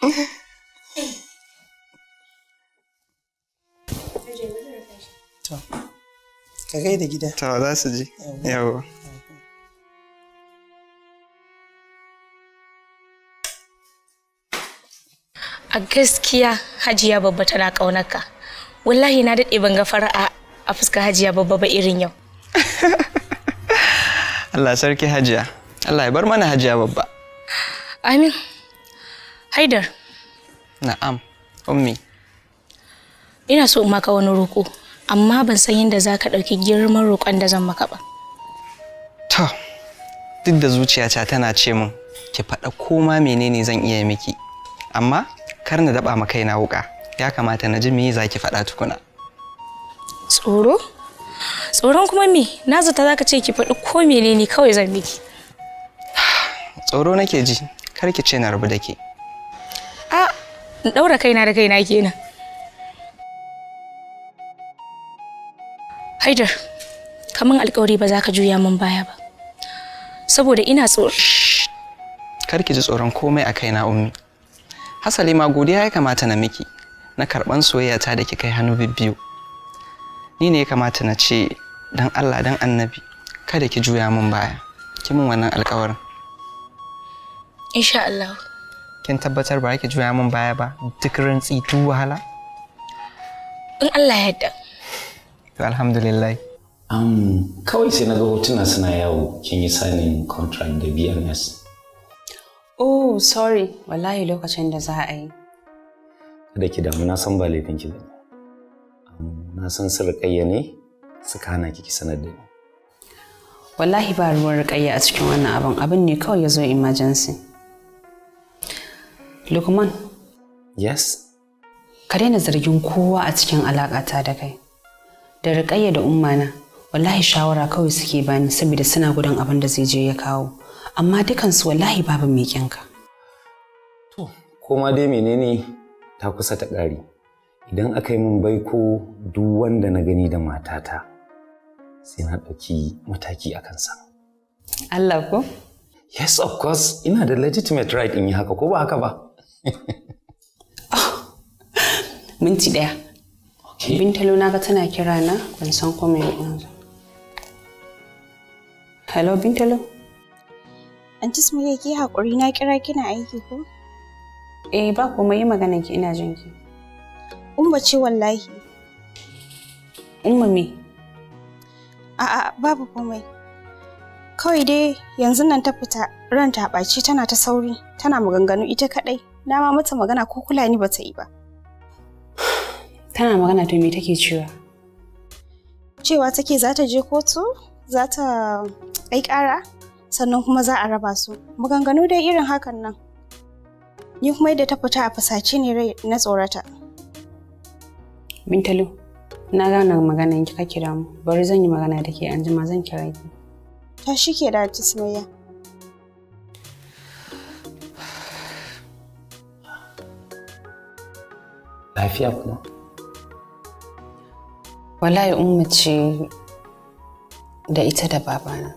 ka da gida to za su ji yawo a gaskiya hajiya babba tana ƙaunarka wallahi na daɗe ban ga fara'a a fuska hajiya babba ba irin yau Allah sarki hajiya Allah ya bar mana hajiya babba amin haidar na'am ummi ina so in maka wani roƙo amma ban san yadda za ka ɗauki girman roƙon da zan maka ba to duk da zuciyata tana ce min ki faɗa koma menene zan iya miki amma kar na daɓa maka kaina wuƙa ya kamata na ji me za ki faɗa tukuna. Tsoro? Tsoron kuma me? Na zata za ka ce ki faɗi ko menene kawai zan miki. Tsoro nake ji, kar ki ce na rabu da ke. A, in ɗaura kaina da kaina kenan. Haidar, kaman alkawari ba za ka juya min baya ba. Saboda ina tsoro. Kar ki ji tsoron komai a kaina ummi. Hasali ma godiya ya kamata na miki na karɓan ta da kika yi hannu biyu ni ne ya kamata na ce dan Allah dan annabi kada ki juya min baya ki min wannan alƙawarin insha Allah kin tabbatar ba ki juya min baya ba duk rantsi tu wahala in Allah ya yarda to alhamdulillah um, kawai sai na ga hotuna suna yawo kin yi signing contract da bns. oh sorry wallahi lokacin da za a yi kada ki damu na san ba laifin ki bane na san sun rikayya ne suka hana sanar da ni wallahi ba ruwan rikayya a cikin wannan abin abin ne kawai ya zo emergency lukman yes ka daina zargin kowa a cikin alaƙata da kai da rikayya da ummana wallahi shawara kawai suke bani saboda suna gudan abin da zai je ya kawo amma dukansu wallahi babu mai kyanka to koma dai menene ta kusa ta ƙari idan aka yi min baiko duk wanda na gani da matata sai na ɗauki mataki a kansa. Allah ko? Yes, of course, ina da legitimate right in yi haka ko ba haka ba. Minti ɗaya. Bintalo na ga tana kira na ban san kome yanzu. Hello, Bintalo? Antis mu yake haƙuri na kira kina aiki ko? Eh ba komai yi magana ki ina jin ki. Umma ce wallahi. Umma me? A'a babu komai. Kawai dai yanzu nan ta fita ran ta ɓaci tana ta sauri tana maganganu ita kaɗai na ma mata magana ko kula ni ta yi ba. Tana magana to me take cewa? Cewa take za ta je kotu za ta ƙara sannan kuma za a raba su maganganu dai irin hakan nan. ni kuma yadda ta fita a fasace ne rai na tsorata. Bintalu, na gane magana ki ka kira mu, bari zan yi magana da ke anjima zan kira ki. Ta shi ke da Tismaya. Lafiya kuma? Wallahi ya umarci da ita da babana.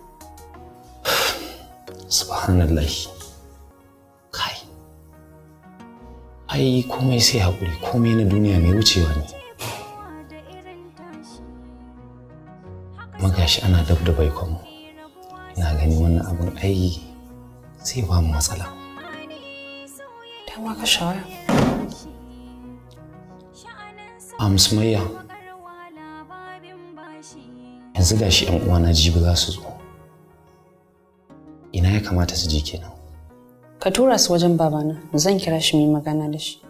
Subhanallah. ai komai sai hakuri komai na duniya mai wucewa ne magashi ana dab da baikon ina gani wannan abin ai sai ba mu matsala dama ka shawara amsumayya yanzu gashi yan uwana jibi za su zo ina ya kamata su je kenan Ka tura su wajen babana, zan kira shi mai magana da shi.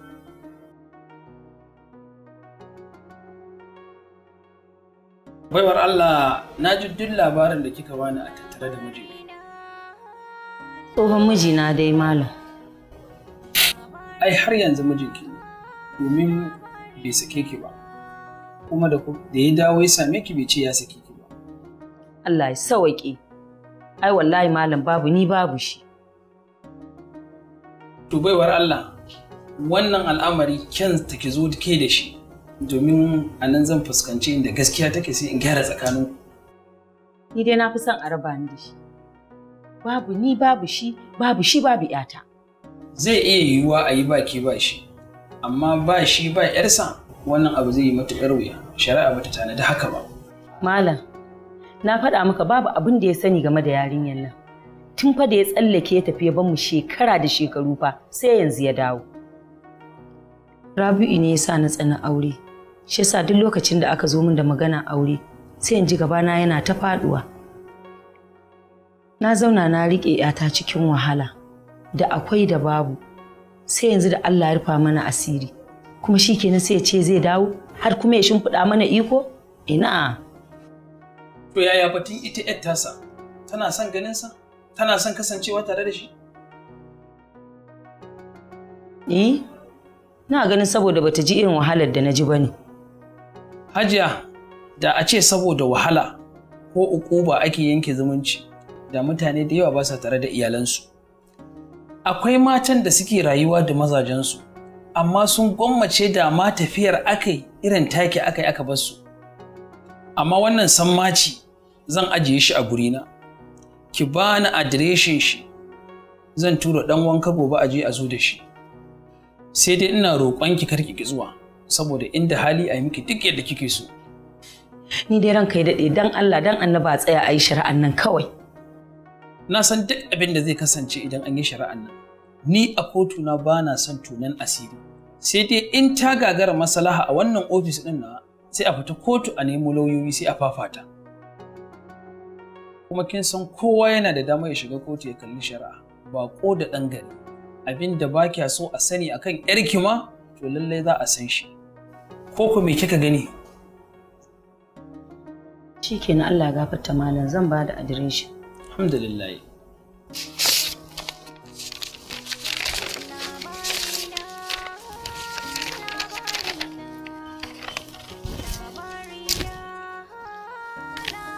Baiwar Allah, na ji duk labarin da kika bani a tattare da miji Tsohon mijina dai malam. Ai har yanzu mijinki ne, domin bai sake ki ba. Kuma da ya dawo ya same ki bai ce ya sake ki ba. Allah ya sawaƙe. Ai wallahi malam babu ni babu shi. to baiwar Allah wannan al'amari kyan ta ke zo ke da shi domin a nan zan fuskanci inda gaskiya take sai in gyara tsakanin ni dai na fi son a raba ni da shi babu ni babu shi babu shi babu yata zai iya yiwuwa a yi baki ba shi amma ba shi ba yarsa wannan abu zai yi matuƙar wuya shari'a bata tana da haka ba malam na faɗa maka babu abin da ya sani game da yarinyar nan tun fa da ya tsallake ya tafi ya bamu mu shekara da shekaru fa sai yanzu ya dawo Rabi'u ne yasa na tsana aure shi yasa duk lokacin da aka zo min da magana aure sai in ji gabana yana ta faduwa na zauna na riƙe ta cikin wahala da akwai da babu sai yanzu da Allah ya rufa mana asiri kuma shi kenan sai ya ce zai dawo har kuma ya shimfiɗa mana iko ina to yaya batun ita 'yar tasa tana son ganin sa tana son kasancewa tare da shi? Eh, na ganin saboda bata ji irin wahalar da na ji ba ne. Hajiya, da a ce saboda wahala ko ukuba ake yanke zumunci da mutane da yawa ba sa tare da iyalansu. Akwai matan da suke rayuwa da mazajensu, amma sun gwammace da ma tafiyar aka yi irin take yi aka basu. Amma wannan sammaci zan ajiye shi a gurina. ki ba ni adireshin shi zan tura ɗan wanka gobe a je a zo da shi sai dai ina roƙon ki karki ki zuwa saboda inda hali a yi miki duk yadda kike so ni dai ranka ya daɗe dan Allah dan annaba tsaya a yi shari'an nan kawai na san duk abin da zai kasance idan an yi shari'an nan ni a kotu na ba na son tunan asiri sai dai in ta gagara masalaha a wannan ofis ɗin na sai a fita kotu a nemo lauyoyi sai a fafata kuma kin san kowa yana da dama ya shiga kotu ya kalli shari'a ba ko da ɗan gari abin da ba kya so a sani akan yarki ma to lallai za a san shi ko ku me kika gani shi ke na Allah gafarta malam zan ba da adireshin alhamdulillah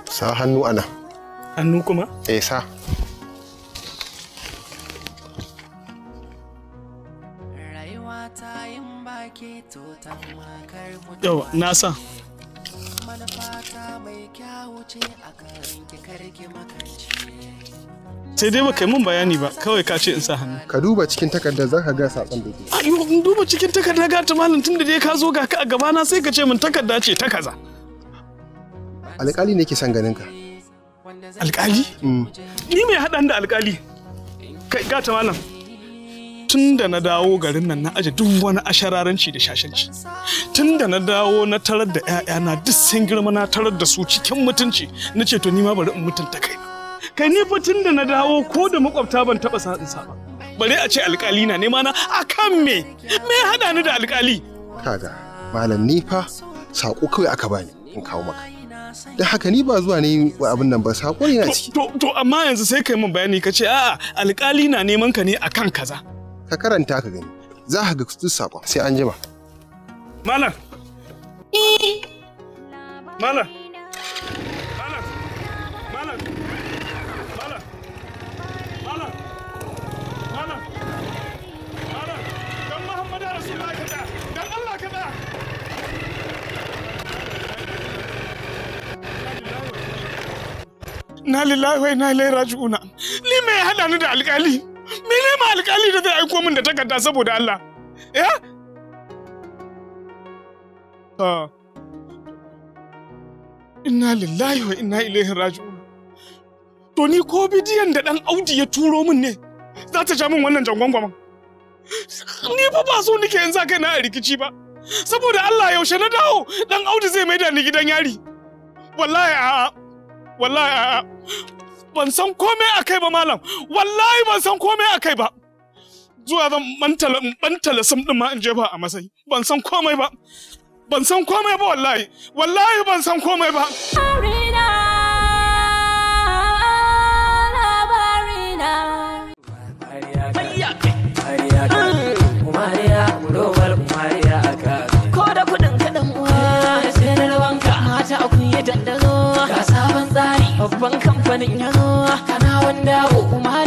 sa hannu a nan Hannu kuma? Eh sa. Yau, na sa. sai dai baka yi mun bayani ba kawai ka ce in sa hannu ka duba cikin takardar za ka ga sakon da ke ayo in duba cikin takardar ga ta malam da dai ka zo ga ka a gabana sai ka ce min takarda ce ta kaza alƙali ne ke son ganin ka alkali mm. ni mai haɗan da alkali kai gata malam tun da na dawo garin nan na aje duk wani ashararanci da shashanci tun da na dawo na tarar da 'ya'yana duk sun girma na tarar da su cikin mutunci na ce to ni ma bari in mutunta kai kai ni fa tun da na dawo ko da makwabta ban taba sa ba Bari a ce alkali na nema na kan me me haɗa ni da alkali kaga malam ni fa sako kawai aka bani in kawo maka da haka ni ba zuwa ne wa abin nan ba sakon yana ciki to amma yanzu sai kai min bayani ka ce a'a alƙali na neman ka ne akan kaza ka karanta ka gani za ka ga duk sakon sai an jima malam eh. malam na lillahi wa inna ilaihi raji'una ni me ya hada ni da alƙali ne ma alƙali da zai aiko min da takarda saboda Allah Ya? Eh? ha, inna lillahi wa inna ilaihi raji'una to ni ko bidiyon da dan Audi ya turo min ne za ta ja min wannan jangwangwaman ni fa ba so nike in za kai na a rikici ba saboda Allah yaushe na dawo dan Audu zai maida ni gidan yari wallahi a'a wallahi a'a ban san komai akai ba malam wallahi ban san komai akai ba zuwa zan bantala bantala sum din ma in je ba a masai ban san komai ba ban san komai ba wallahi wallahi ban san komai ba Ko da kudin kaɗan uwa, sai na wanka. mata a kunye dandazo, ka sabon babban kamfanin ya zo kana wanda umar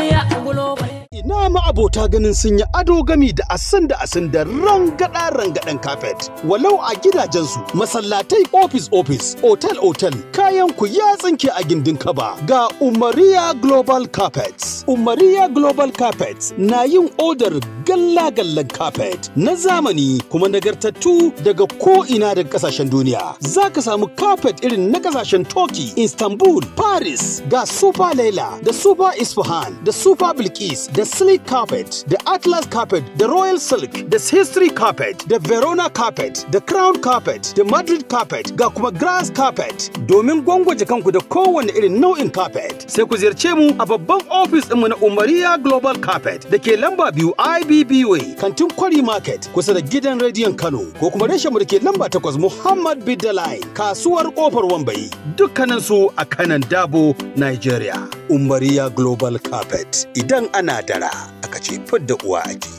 ma ma'abota ganin sun yi ado gami da asan da asan da rangada rangadan kafet walau a gidajensu masallatai Office-Office, otal otal kayan ku ya tsinke a gindin kaba ga umariya global carpets umariya global carpets na yin odar galla-gallan carpet na zamani kuma nagartattu daga ko'ina ina daga kasashen duniya za ka samu carpet irin na kasashen turkey istanbul paris ga super laila da super isfahan da super bilkis da slim Islamic carpet, the Atlas carpet, the Royal Silk, the History carpet, the Verona carpet, the Crown carpet, the Madrid carpet, ga kuma Grass carpet. Domin gwangwaje kanku da kowane irin nau'in carpet, sai ku ziyarce mu a babban ofis ɗinmu na Umariya Global Carpet da ke lamba biyu IBBA, kantin Kwari Market, kusa da gidan rediyon Kano, ko kuma reshen mu da ke lamba takwas Muhammad Bidalai, kasuwar kofar Wambayi, dukkanin su a kanan Dabo, Nigeria. Umariya Global Carpet, idan ana dara. aka ce da uwa ake.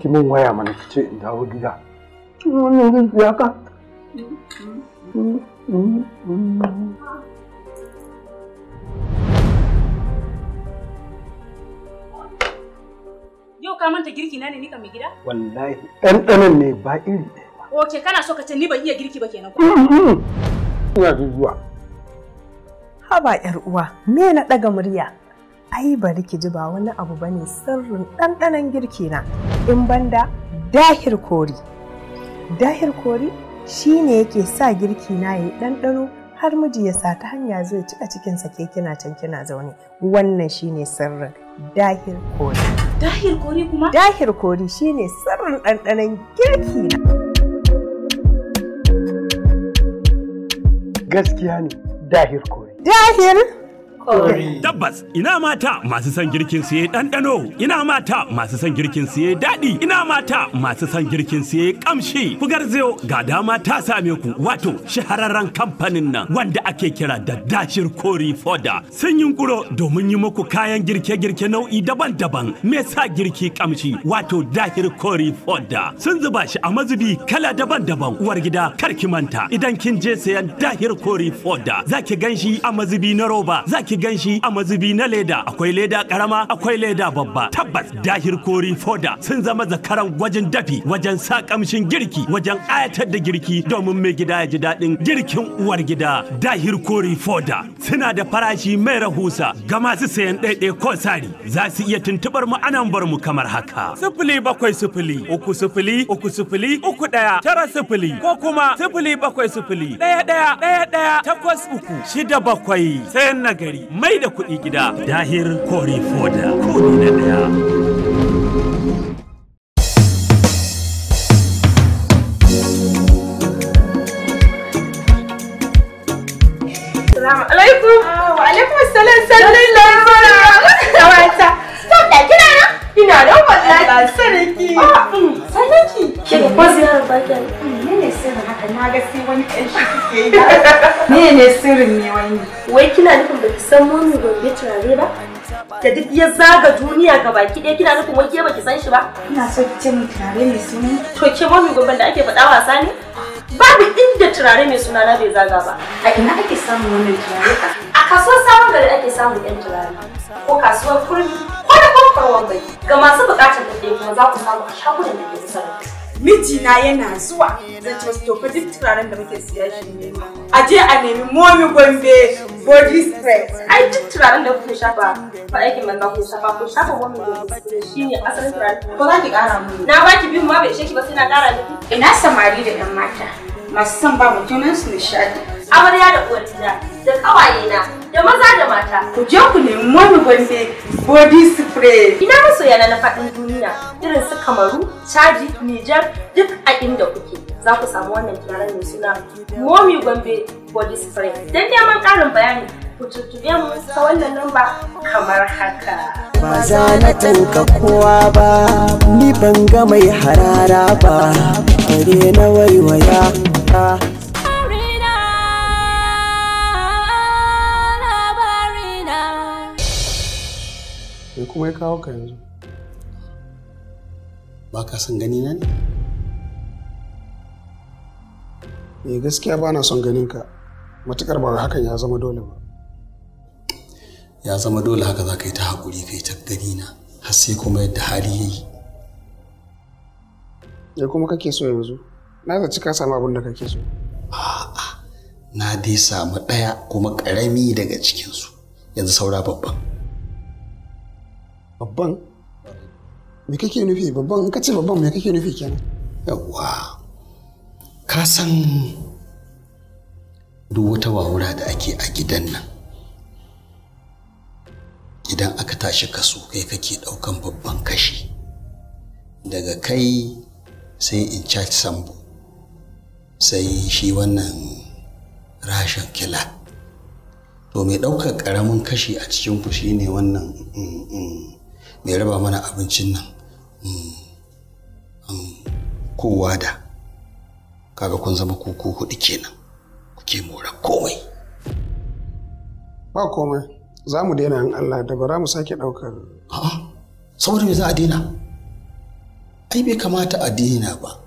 ki min waya mana ki ce in dawo gida. Cin wannan zai fi haka. Yau ka manta girki na ne nika mai gida? Wallahi ɗanɗanon ne ba iri ɗaya ba. Oke kana so ka ce ni ban iya girki ba kenan ko? Mm-hmm. Ina zuwa. Haba 'yar uwa, me na ɗaga murya? ai bari ki ji ba wani abu bane sirrin ɗanɗanon girki na in banda dahir kori dahir kori ne yake sa girki na yayi ɗanɗano har miji ya sa ta hanya zai ci a cikin sa ke kina can kina zaune wannan shine sirrin dahir kori dahir kori kuma dahir kori shine sirrin ɗanɗanon girki na gaskiya ne dahir kori dahir Tabbas ina mata masu son girkin su ɗanɗano, ina mata masu son girkin su daɗi, ina mata masu son girkin su ƙamshi. Kugar zeo ga dama ta same ku wato shahararren kamfanin nan wanda ake kira da dashir kori foda. Sun yi kuro domin yi muku kayan girke-girke nau'i daban-daban me sa girki ƙamshi wato dashir kori foda. Sun zuba shi a mazubi kala daban-daban uwar gida karki manta idan kin je sayan dahir kori foda zaki gan shi a mazubi na roba zaki ki ganshi a mazubi na leda akwai leda karama akwai leda babba tabbas dahir kori foda sun zama zakaran gwajin dafi wajen sa kamshin girki wajen ayatar da girki domin mai gida ya ji daɗin girkin uwar gida dahir kori foda suna da farashi mai rahusa ga masu sayan ɗaiɗai ko sari za su iya tuntubar mu anan bar mu kamar haka sifili bakwai sifili uku sifili uku sifili uku ɗaya tara sifili ko kuma sifili bakwai sifili ɗaya ɗaya ɗaya ɗaya takwas uku shida bakwai sayan nagari mai da kuɗi gida dahir kori foda kuni na ɗaya. Salamu alaikum. Ah, wa alaikum salam sallin lafiya. Ina da wallahi ba sarki. Ah, mm, sarki. Ke da ko ziyarar baki. Mm, ne sirrin haka na ga sai wani shi kike yi. ne sirrin ne wani? Wai kina nufin baki san mun gobe turare ba? da duk ya zaga duniya ga baki ɗaya kina nufin wai ke baki san shi ba ina so ki ce min turare mai suna to ke mami gobe da ake faɗa wasa ne babu inda turare mai suna na bai zaga ba a ina ake samun wannan turare a kasuwar sabon gari ake samun ɗan turare ko kasuwar kurmi ko da kwakwarwan bai ga masu buƙatar kuɗi kuma za ku samu a shagunan da ke kusa da mijina yana zuwa zan ce wasu tofa duk turaren da muke siya shi ne a je a nemi momi gombe body spray ai duk turaren da kuke shafa ba aikin manza ku shafa ko shafa momi gombe spray shine asalin turaren ko za ki kara mu na ba baki biyun ma bai ishe ki ba sai na kara miki ina samari da yan mata masu son ba mutumin su nishadi amarya da uwar da kawaye na da maza da mata ku je ku nemi wani gombe body spray ina masoya na faɗin duniya irin su kamaru chadi niger duk a inda kuke za ku samu wannan turaren mai suna momi gombe body spray don neman ƙarin bayani ku tuttube mu ta wannan lamba kamar haka ba za na tanka kowa ba ni ban ga mai harara ba kare na waiwaya Me kuma ya kawo ka yanzu? Ba ka son gani na ne? Me eh, gaskiya ba na son ganin ka. Matukar ba hakan ya zama dole ba. Ya zama dole haka za ka yi ta hakuri ka yi ta gani na har sai kuma yadda hali ya yi. Ya kuma kake so yanzu? Na zaci ka samu abin da kake so. A'a, na dai samu ɗaya kuma ƙarami daga cikinsu. Yanzu saura babban. babban me kake nufi babban in ka ce babban me kake nufi kenan yawa ka san duk wata wawura da ake a gidan nan idan aka tashi kaso kai kake ɗaukan babban kashi daga kai sai in charge sambo sai shi wannan rashin kila to mai ɗaukar ƙaramin kashi a cikin ku shine wannan mm, mm, mai raba mana abincin nan hmm. Hmm. kowa da kaga kun zama ku hudu kenan kuke mora komai ba komai za mu daina in Allah da bara mu sake daukar saboda me za a daina ai bai kamata a daina ba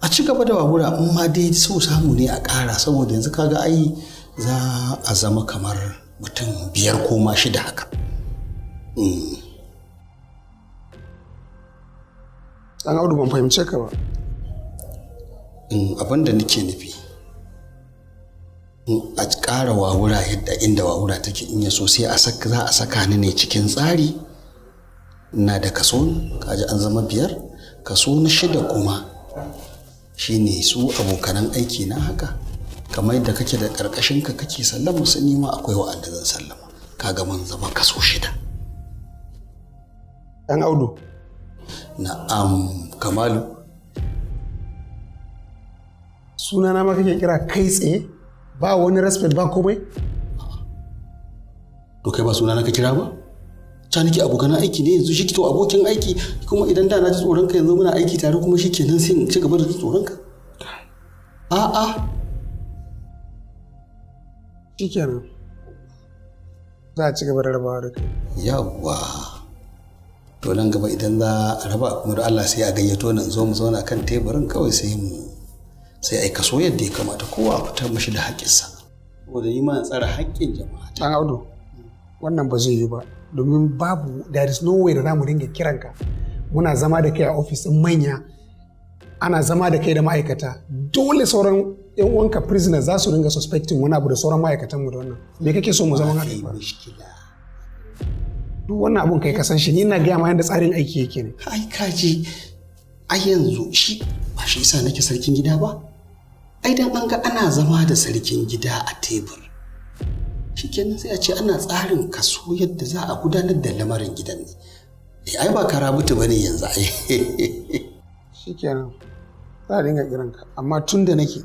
a ci gaba da babura in ma dai so samu ne a ƙara saboda yanzu kaga ai za a zama kamar mutum biyar ko ma shida haka hmm. Dan Audu ban fahimce ka ba. Mm, abin da nake nufi. Mm, a ƙara wawura yadda inda wawura take in ya sai a saka za a saka ni ne cikin tsari. Na da kaso kaji an zama biyar kaso na shida kuma shine su abokanan aiki na haka kamar da kake da ƙarƙashin ka kake sallama su nima akwai wa'anda zan sallama kaga mun zama kaso shida. Ɗan Audu. na'am kamalu sunana ma kake kira kai tsaye ba wani respect ba komai to kai ba sunana ka kira ba ta nake abokan aiki ne yanzu shi to abokin aiki kuma idan da na ji tsoron ka yanzu muna aiki tare kuma shi kenan sai in ci gaba da tsoron ka a'a shi kenan za a ci gaba da rabawa da kai yawwa to nan gaba idan za a raba kuma da Allah sai a gayyato nan zo mu zauna kan teburin kawai sai mu sai yi kaso yadda ya kamata kowa fitar mashi da haƙƙinsa saboda yi ma tsara haƙƙin jama'a ta audu wannan ba zai yi ba domin babu there is no way da zamu dinga kiranka muna zama da kai a ofis din manya ana zama da kai da ma'aikata dole sauran yan uwanka prisoner za su dinga suspecting wani abu da sauran ma'aikatan mu da wannan me kake so mu zama haka duk wannan abun kai kasan shi ni na gaya ma yadda tsarin aiki yake ne ai kaje ai yanzu shi ba shi yasa nake sarkin gida ba ai dan an ga ana zama da sarkin gida a tebur shikenan sai a ce ana tsarin kaso yadda za a gudanar da lamarin gidan ne eh, ai ba kara mutu bane yanzu ai shikenan za a dinga kiranka amma tun da nake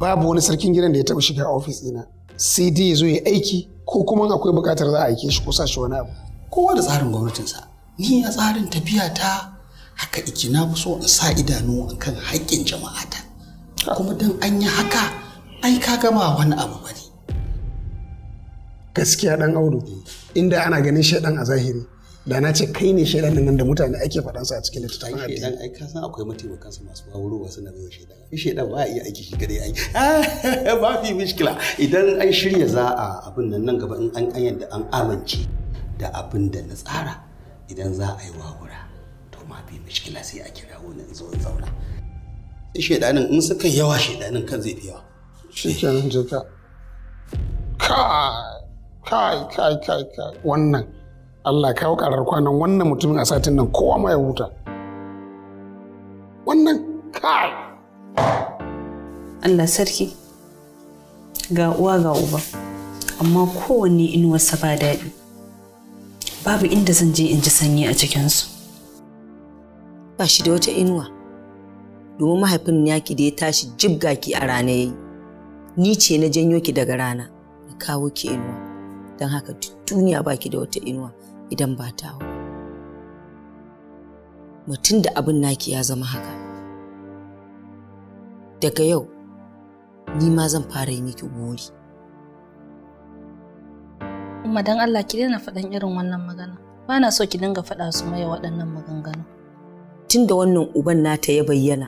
babu wani sarkin gidan da ya taɓa shiga ofis ɗina sai dai ya zo ya aiki ko kuma akwai bukatar za a aike shi ko sa shi wani abu kowa da tsarin gwamnatinsa ni a tsarin tafiya ta haka iki na fi so in sa idanu akan haƙƙin ta kuma dan an yi haka ai ka gama wani abu bane gaskiya dan audu inda ana ganin shaidan a zahiri da na ce kai ne shaidan nan da mutane ake faɗan su a cikin littattafan addini shaidan ai ka san akwai mataimakan masu wawuro wasu na biyo shaidan shi shaidan ba iya aiki shi kadai ai ba fi mishkila idan an shirya za a abin nan nan gaba in an yadda an amince da abin da na tsara idan za a yi wawura to ma fi mishkila sai a kira wani in zo in zauna shaidanin in suka yawa shaidanin kan zai fi yawa shi kenan kai kai kai kai wannan Allah kawo karar kwanan wannan mutumin a satin nan kowa ma ya huta wannan kai Allah sarki ga uwa ga uba amma kowanne inuwarsa ba daɗi babu inda zan je in ji sanyi a cikinsu ba shi da wata inuwa domin mahaifin ki da ya tashi jib ki a rana yayi ni ce na janyo ki daga rana na kawo ki inuwa don haka duniya ki da wata inuwa idan ba ta mutum da abin naki ya zama haka daga yau ni ma zan fara yi miki gori amma dan Allah ki daina faɗan irin wannan magana ba na so ki dinga faɗa su maye waɗannan maganganu tun da wannan uban nata ya bayyana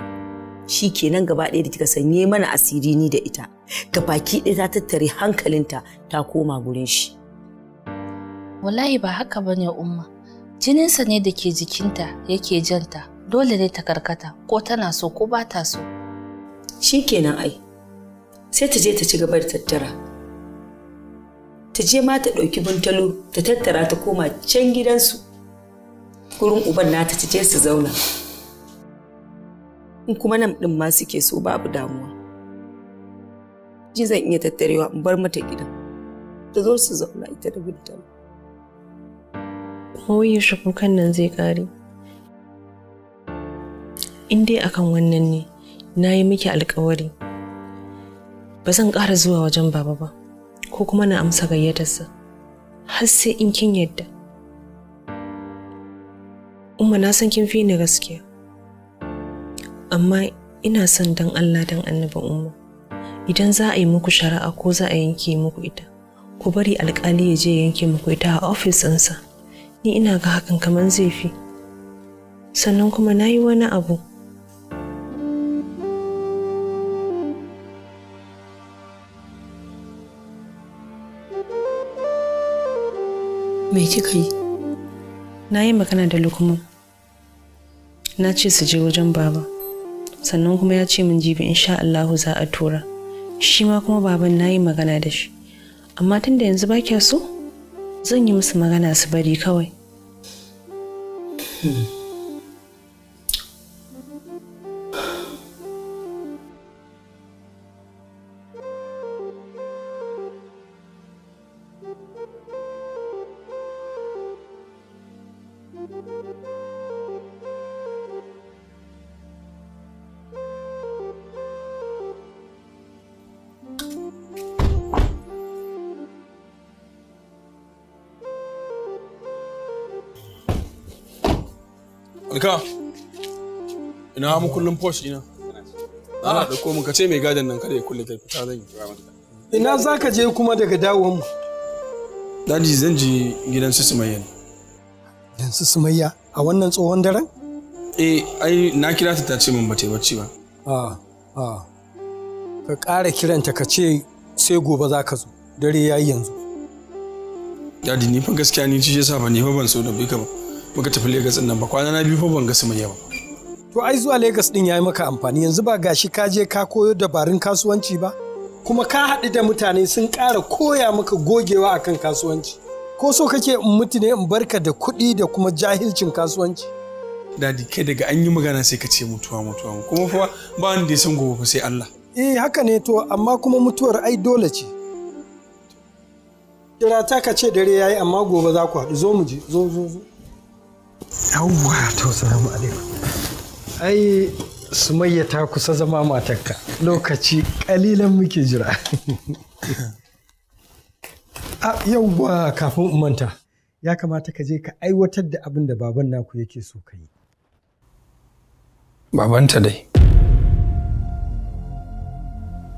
shi kenan gaba ɗaya da kika sanye mana asiri ni da ita ka baki ɗaya ta tattare hankalinta ta koma gurin shi wallahi ba haka bane umma jininsa ne da ke jikinta yake janta dole ne ta karkata ko tana so ko ba ta so shi kenan ai sai ta je ta ci gaba da tattara ta je ma ta ɗauki buntalo ta tattara ta koma can gidansu gurin uban nata ta je su zauna in kuma nan ɗin ma suke so babu damuwa ji zan iya tattarewa in bar mata gidan ta zo su zauna ita da buntalo yaushe kukan nan zai kare. in dai akan wannan ne na yi miki alkawari ba zan ƙara zuwa wajen baba ba ko kuma na amsa gayyatarsa har sai in kin yadda umma na san kin fi ni gaskiya amma ina son dan Allah dan annabi umma idan za a yi muku shari'a ko za a yanke muku ita ku bari alkali ya je yanke muku ita a ofis ni ina ga hakan kamar zai fi sannan kuma na yi wani abu me kika yi na yi magana da lukuma na ce su je wajen baba sannan kuma ya ce min jibi insha Allahu za a tura shi ma kuma baban na yi magana da shi amma tunda yanzu ba kya so zan yi musu magana su bari kawai. Hmm. Walka, ina hamu kullum posh ina. Ana da ko mun ce mai gadon nan kada ya kulle ta fita zan yi. Ina za ka je kuma daga dawowar mu? Daji zan je gidan su Sumayya ne. Gidan su Sumayya a wannan tsohon daren? Eh, ai na kira ta ta ce min ba ta bacci ba. A, a. Ka ƙara kiranta ka ce sai gobe za ka zo. Dare yi yanzu. Daji ni fa gaskiya ni ci ba fa ban so da bika ba. muka tafi Legas ɗin nan ba kwana na biyu fa ban ga su ba. To ai zuwa Legas ɗin ya yayi maka amfani yanzu ba gashi ka je ka koyo dabarun kasuwanci ba kuma ka haɗu da mutane sun ƙara koya maka gogewa akan kasuwanci. Ko so kake in mutu ne in barka da kuɗi da kuma jahilcin kasuwanci. Dadi kai daga an yi magana sai ka ce mutuwa mutuwa kuma fa ba da ya san gobe sai Allah. Eh haka ne to amma kuma mutuwar ai dole ce. Kira ta ka ce dare yayi amma gobe za ku haɗu zo mu je zo zo zo. yawwa to salamu alaikum ai sumayya ta kusa zama matarka lokaci kalilan muke jira a yawwa kafin manta ya kamata ka je ka aiwatar da abin da baban naku yake so ka yi babanta dai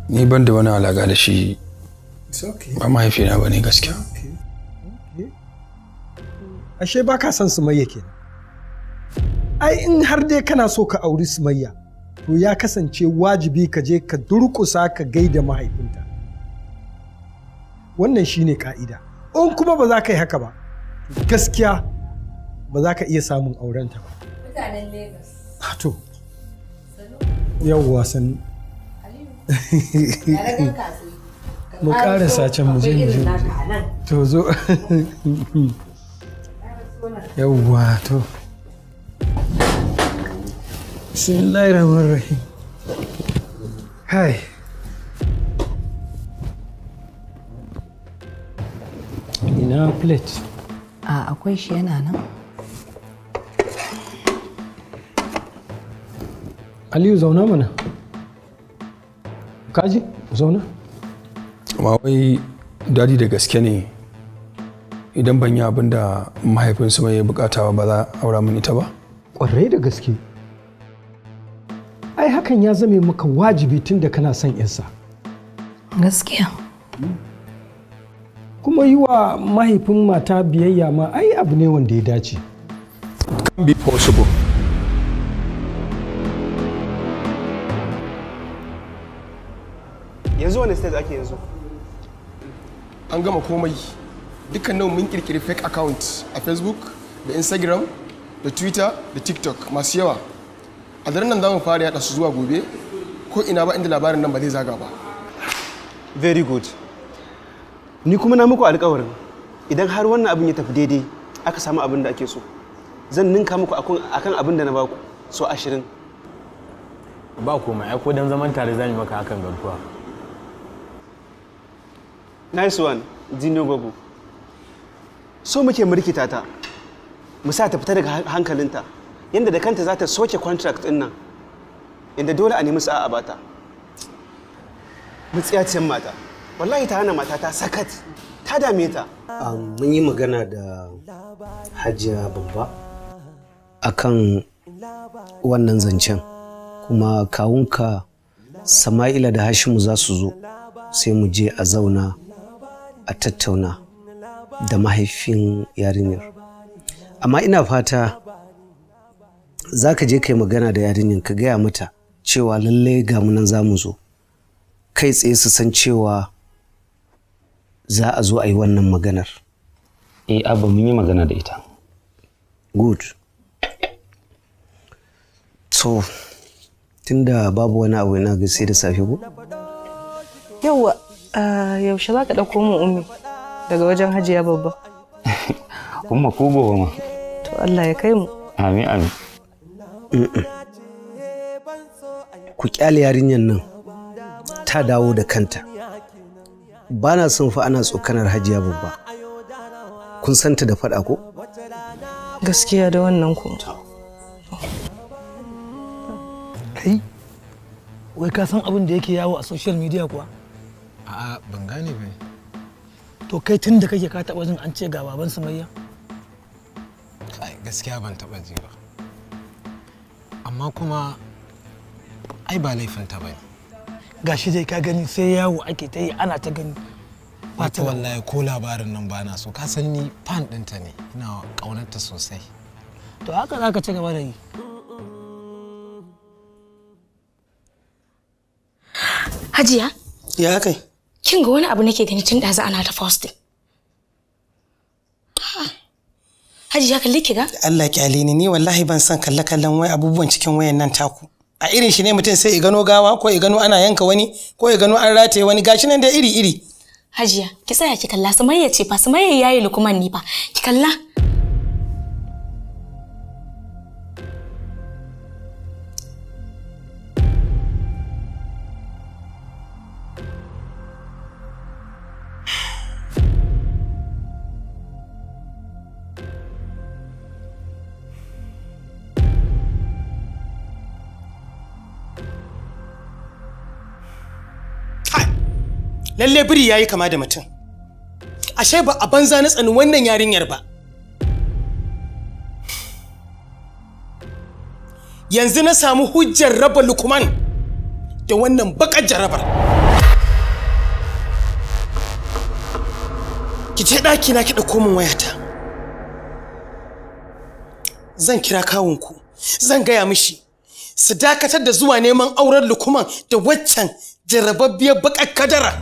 ni ban da wani alaƙa da shi ba mahaifina ba ne gaskiya ashe ba ka son sumayya kenan ai in har dai kana so ka auri sumayya to ya kasance wajibi ka je ka durƙusa ka gaida mahaifinta wannan shine ka'ida in kuma ba za ka yi haka ba gaskiya ba za ka iya samun aurenta ba mutanen ah, to yawwa san mu ƙarasa can mu je mu je to yawwa to bismillahir rahmanir rahim hai ina plate a akwai shi yana nan aliyu zauna mana kaji zauna wai dadi da gaske ne idan ban yi abin da mahaifinsu mai bukata ba za a aura mun ita ba? Ƙwarai da gaske. Ai hakan ya zame maka wajibi tun da kana son yansa. Gaskiya. Kuma yi wa mahaifin mata biyayya ma ai abu ne wanda ya dace. Can be possible. Yanzu wani stage ake yanzu? An gama komai. dukkanin mun kirkiri fake account a facebook da instagram da twitter da tiktok masu yawa a daren nan za mu fara yada su zuwa gobe ko ina ba inda labarin nan ba zai zaga ba very good ni kuma na muku alkawarin idan har wannan abin ya tafi daidai aka samu abin da ake so zan ninka muku akan abin da na baku so ashirin ba komai ya ko dan zaman tare zan yi maka hakan garkuwa nice one dino gogo so muke murkita ta mu sa ta fita daga hankalinta yadda da kanta za ta soke contract din nan inda dole a nemi sa'a bata mutsiyacin mata wallahi ta hana mata ta sakat ta dame ta mun yi magana da hajiya babba akan wannan zancen kuma kawunka sama'ila da hashimu za su zo sai mu je a zauna a tattauna da mahaifin yarinyar amma ina fata za ka je kai magana da yarinyar ka gaya mata cewa lalle ga nan za mu zo kai tsaye su san cewa za a zo a yi wannan maganar eh abu mun yi magana da ita good so tunda babu wani abu na ga sai da safe ko yawa ah, yaushe za ka ɗauko mu umi daga wajen hajiya babba umma ko gobe ma to Allah ya kai mu amin amin eh, eh. ku kyale yarinyar nan ta dawo da kanta ba na son fa ana tsokanar hajiya babba kun santa da faɗa ko gaskiya da wannan ku. kai wai ka san abin da yake yawo a social media kuwa a'a ban gane ba to kai tun da kake ka taba jin an ce ga baban samayya. ai gaskiya ban taɓa ji ba amma kuma ai ba laifinta ba ne gashi dai ka gani sai yawo ake ta yi ana ta gani wata wallahi ko labarin nan ba na so ka san ni fan ɗinta ne ina ƙaunarta sosai to haka za ka ci gaba da yi hajiya ya kai kin ga wani abu nake gani tun ɗazu ana ta fasting Haji ya kalli ki ga? Allah ki ni ni wallahi ban san kalle kallon wai abubuwan cikin wayan nan taku. A irin shi ne mutum sai i gano gawa ko i gano ana yanka wani ko i gano an rataye wani gashi nan da iri iri. Hajiya ki tsaya ki kalla Sumayya ce fa Sumayya yayi lukuman ni fa ki kalla lalle biri ya yi kama da mutum ashe ba a banza na tsanin wannan yarinyar ba yanzu na samu hujjar raba lukman da wannan bakar jarabar ki ce ɗaki na ki ɗauko min wayata zan kira kawunku zan gaya mishi su dakatar da zuwa neman auren lukuman da waccan jarababbiyar bakar kadara.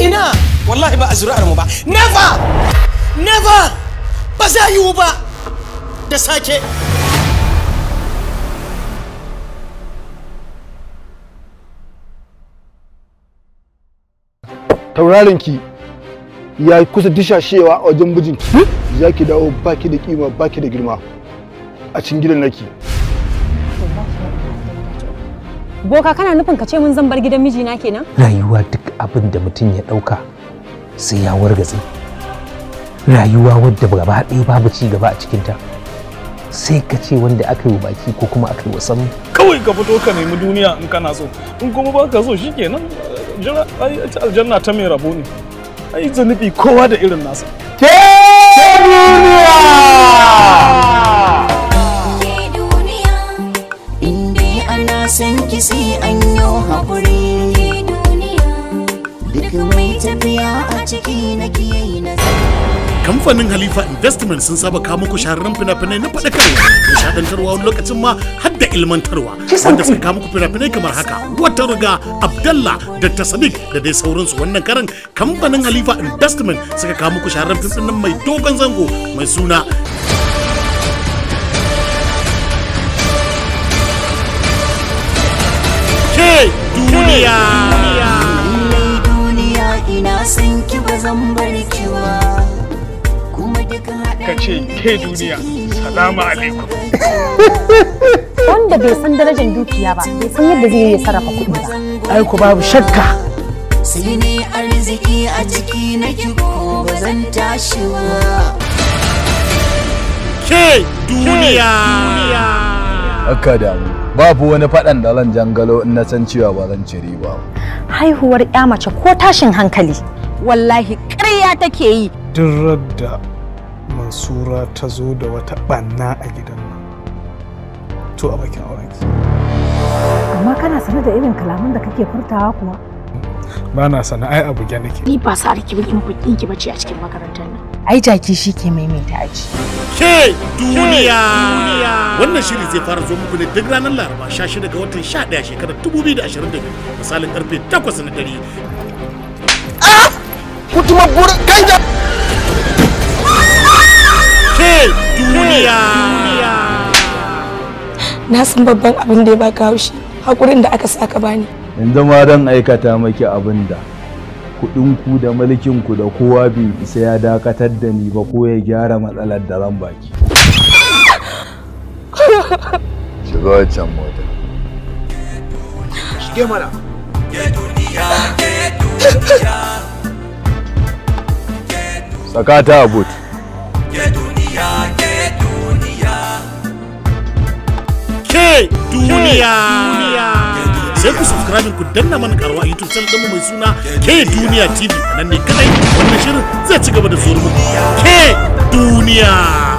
ina wallahi ba a zuri'ar mu ba never never ba za yiwu ba da sake taurarinki ya kusa dishashewa a wajen mijinki hmm? za ki dawo baki da kima baki da girma a cikin gidan naki Boka kana nufin ka ce mun zan bar gidan mijina kenan? Rayuwa duk abin da mutum ya ɗauka sai ya wargatse. Rayuwa wadda gaba ɗaya babu ci gaba a cikinta. Sai ka ce wanda aka yi baki ko kuma aka yi wasan. Kawai ka fito ka nemi duniya in kana so. In kuma ba ka so shi kenan. Jira ta aljanna ta mai rabo ne. Ai zanubi kowa da irin nasa. Ke duniya! san kisi sai an yi haƙuri duk mai tafiya a ciki na kiyayi na kamfanin halifa investment sun saba kawo muku shahararren fina-finai na faɗakarwa shaɗantarwa wani lokacin ma har da ilmantarwa wanda suka kawo muku fina-finai kamar haka wata riga abdullah da tasadik da dai sauransu wannan karan kamfanin halifa investment suka kawo muku shahararren fim mai dogon zango mai suna duniya duniya ina san ki ba zan bar kuma duka hada kace ke duniya salamu alaikum wanda bai san darajar dukiya ba bai san yadda zai yi sarrafa kuɗi ba ai ku babu shakka sai ne arziki a ciki na ki ko ba zan tashi ba ke duniya haka damu babu wani faɗan da zan jangalo in na san cewa ba zan cire ba. haihuwar ya mace ko tashin hankali wallahi ƙarya take yi duk da mansura ta zo da wata ɓanna a gidan nan to a bakin auren amma kana sanar da irin kalaman da kake furtawa kuwa ba na sana'ai ai abu nake ni ba sa rikibin kuɗi ki bace a cikin makarantar nan ai jaki shi ke maimaita aji. Ke duniya! Wannan shiri zai fara zo muku ne duk ranar Laraba sha shi ga watan sha daya shekarar 2022 misalin karfe ashirin na dare. Ah! Kutuma bura ganja! Ke duniya! Na san babban abin da ya baka haushi, hakurin da aka saka bani. Yanzu ma don aikata maki abin da kuɗinku da mulkinku da kowa bai isa ya dakatar da ni ba ko ya gyara matsalar da zan baki shiga wancan mota shige mana sakata abut ke duniya sai ku subscribe ku danna mana karuwa a YouTube channel mu mai suna ke Duniya TV nan ne kadai wannan shirin zai ci gaba da zuwa muku K Duniya